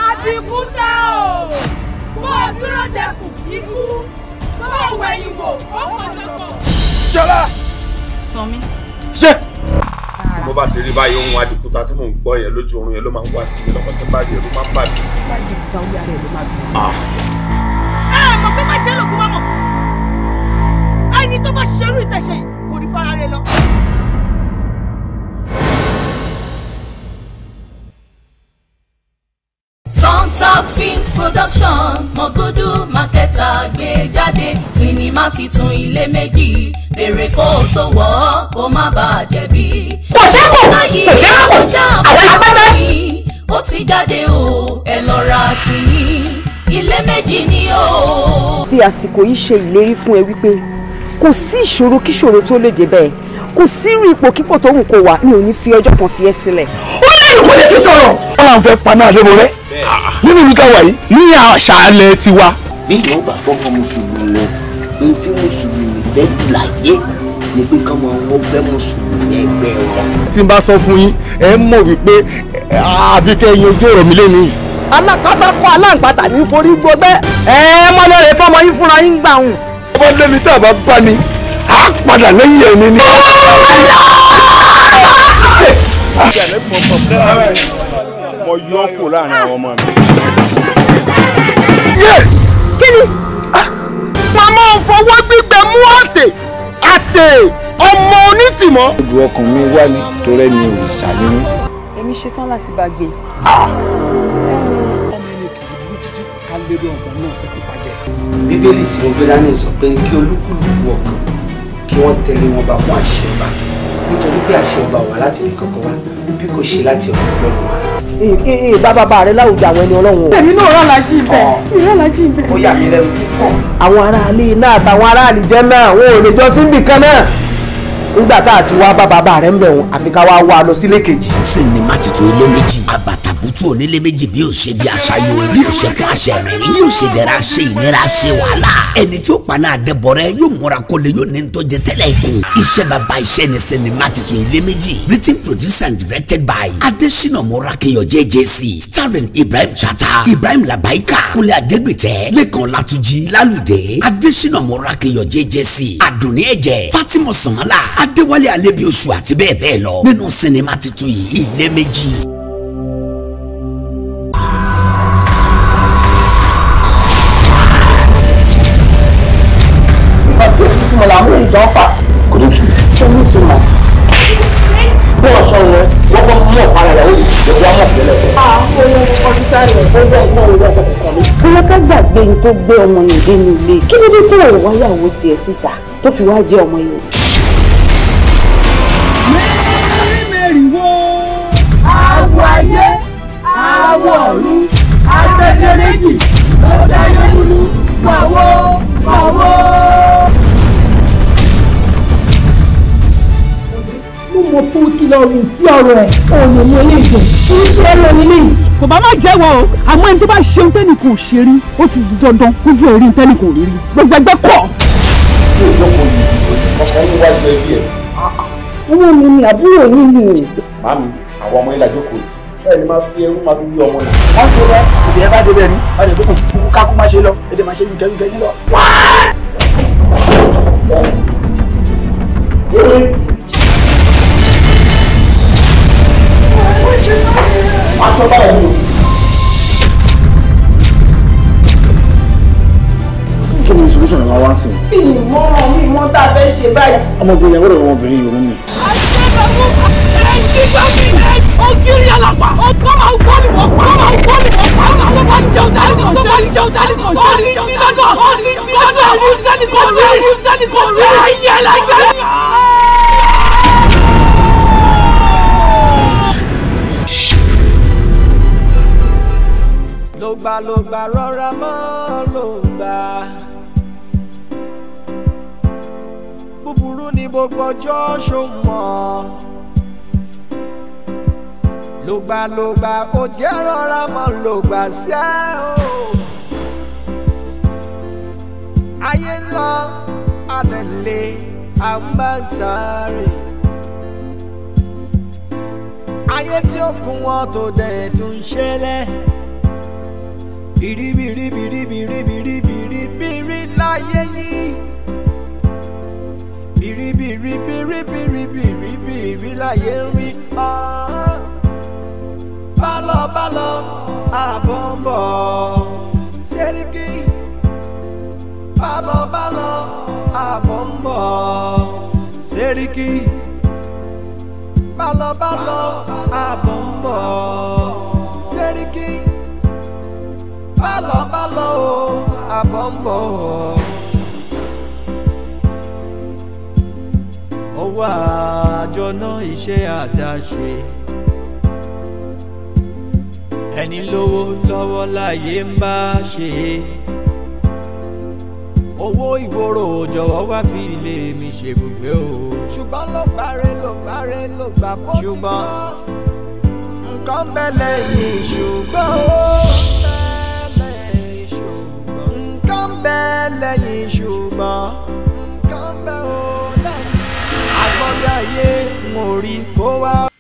adìkúta o bó o dúró dẹkùn ikú bó o wẹ̀yìn wò ó kọjọpọ. ṣọlá. sọmi. ṣe mo bá ti rí báyìí ohun adìkúta tí mò ń gbọ́ yẹn lójú oorun yẹn ló máa ń wá sí mi lọ́kàn tí ń bá máa ń bà mí. ìta ah! orí ara ah, ẹ ló máa bí. ẹ mọ̀ pé má ṣe é lògùn wá mọ̀ ẹni tó bá ṣerú ìtẹ̀ṣẹ̀ yìí kò ní fara rẹ lọ. top films production mọ̀gúdú mákẹ́tà gbé jáde sinimá tuntun ilé méjì bèrè kó o tó wọ̀ ọ́ kó má bàa jẹ̀bi. kò sẹ́kù kò sẹ́kù àwọn àpẹẹrẹ. ó ti jáde o ẹ lọ ra tìyín ilé méjì ni o. fi àsìkò yìí ṣe ìlérí fún ẹ wípé kò sí ìṣòro kíṣòro tó lè dé bẹ́ẹ̀ kò sírú ipòkípò tó ń kó wà mi ò ní fi ọjọ́ kan fi ẹ́ sílẹ̀. ó yẹ kó lè fi sọ̀rọ̀. wọ́n á paná àlebo rẹ̀ nínú ìlú táwa yìí ní àṣàlẹ̀ tiwa. bí ìyá ọba fọmọ mùsùlùmí ní tí mùsùlùmí fẹ́ dùn láyé ni pé kọ́mọ wọn fẹ́ mùsùlùmí ẹgbẹ́ wọn. tí n bá sọ fún yín ẹ mọ̀ wípé àbí kẹ́ ẹyin ojú ọ̀rọ̀ mi lé mi. alákàtàkọ aláǹgbàtà ní forí gbọgbẹ́ ẹ mọ́lẹ́rẹ̀ fọmọ yín fúnra yín gbà hùn. ọmọ lẹ́ni tá a bá bá ni a padà lẹ́yìn ẹni ni. ọ̀rọ̀ mo yọ kù láàrin àwọn ọmọ mi. kí ni ah! màmá òfowó gbígbẹ mú àtè àtè ọmọ onítìmọ́. ìlú ọkàn mi wá ní torẹ́ mi ò sà nínú. èmi ṣetán láti bá ah! bíbélì tí mo gbé dání sọ pé kí olúkúlùkù ọkàn kí wọ́n tẹ̀lé wọn bá fún àṣẹ báyìí nítorí pé àṣẹ ọba wà láti ibi kankan wá bí kò ṣe láti ọ̀dọ̀ ọlọ́run wa. ee bá bàbá rẹ láwùjọ àwọn ẹni ọlọ́run o. èmi náà rà lájí ibẹ̀ mi rà lájí ibẹ̀. ó yà mí lẹ́nu púpọ̀. àwọn aráalé náà àtàwọn aráàlú jẹ́ náà wọn ò lè jọ sí ibìkan náà nígbà tá a ti wá bá bàbá rẹ ń bẹ̀ wọn àfi ká wá wá lọ sílé kejì. sinimá tuntun ló méjì àbàtà àbùtù onílé méjì bí ó ṣe bí aṣayò bí ó ṣe kọ́ àṣẹ rìn yóò ṣe dẹ̀ra ṣe ìnira ṣe wàhálà ẹni tí ó paná àdẹ́bọ̀rẹ́ yóò múra kólé yóò ní tó jẹ tẹ́lẹ̀ ikùn iṣẹ́ bàbá iṣẹ́ ni sinimá titun ilé méjì written produced and directed by adesina morakeyo jjc starring ibrahim chata ibrahim labaika kúnlẹ̀ adégbètẹ́ lẹ́kàn látúnjì lálùdé adesina morakeyo jjc àdùnní ẹ̀jẹ̀ fatima sànmọ́lá adéwálé alẹ́bíoṣù àti bẹ́ẹ̀ bẹ́ẹ̀ lọ nínú sinimá titun yìí ilé méjì. tó gbé ọmọ yẹn dénú ilé kí ló dé tó ò wáyàwó tiẹ̀ síta tó fi wá jẹ́ ọmọ yẹn. mẹ́rin mẹ́rin wo àwọ̀ ayé àwọ̀ ọ̀run agbẹ́gẹ́rẹ́gì lọ́dọ̀ ayé dúdú pàwọ́ pàwọ́. mo mọ̀ fún kí lọ́ọ́ rìn sí ọ̀rọ̀ ẹ̀ òun ni mo lè jẹ́ kí n ṣe é lórí lẹ́yìn kò bá má jẹ́wọ́ o àmọ́ ẹni tó bá ṣe ohun tẹ́nì kò ṣe rí ó ti di dandan kójú ẹ̀rí tẹ́nì kò rí rí gbogbo ẹgbẹ́ pọ̀. owó mi ni àbúrò yín ni. màámi àwọn ọmọ ilà jókòó bẹ́ẹ̀ ni máa fi ẹrú máa fi wí ọmọ náà. wọ́n tó lọ ìdílé bá débẹ̀ ni wọ́n lè gbókùn kúkú kákú má ṣe lọ èdè má ṣe yùkẹ́ yùkẹ́ yín lọ. Thank you. máa wá sí. mi mọ mi mọ tá a fẹ́ ṣe báyìí. ọmọbìnrin yẹn wọ́n rẹ̀ ọmọbìnrin yìí rún mi. ló gbà ló gbà rọra mọ́ ló gbà. búburú ní gbogbo ọjọ́ ṣùgbọ́n lògbàlògbà ó jẹ́ rọra mọ́ lògbà sẹ́ o. ayé lọ àdẹ̀lẹ̀ à ń bá sáré. ayé tí ó kún wọn tó dẹ̀ tún ṣẹlẹ̀ biribiribiribiribiribiri láyé yìí biribiri biribiri biribiri láyé ń rí ah, bálọ̀ bálọ̀ àbọ̀ ń bọ̀ Seriki bálọ̀ bálọ̀ àbọ̀ ń bọ̀ Seriki bálọ̀ bálọ̀ àbọ̀ ń bọ̀ Seriki bálọ̀ bálọ̀ àbọ̀ ń bọ̀. ó wà àjọná iṣẹ́ àdáṣe ẹni lówó lọ́wọ́ láyé ń bá ṣe owó ìwòrò jọ̀wọ́ wá fi ilé mi ṣèbùgbé o. ṣùgbọ́n ló gbáre ló gbáre ló gbà bó ti gbọ́ nǹkan bẹ̀lẹ̀ yìí ṣùgbọ́n o. nǹkan bẹ̀lẹ̀ yìí ṣùgbọ́n ayé mo rí kó wá.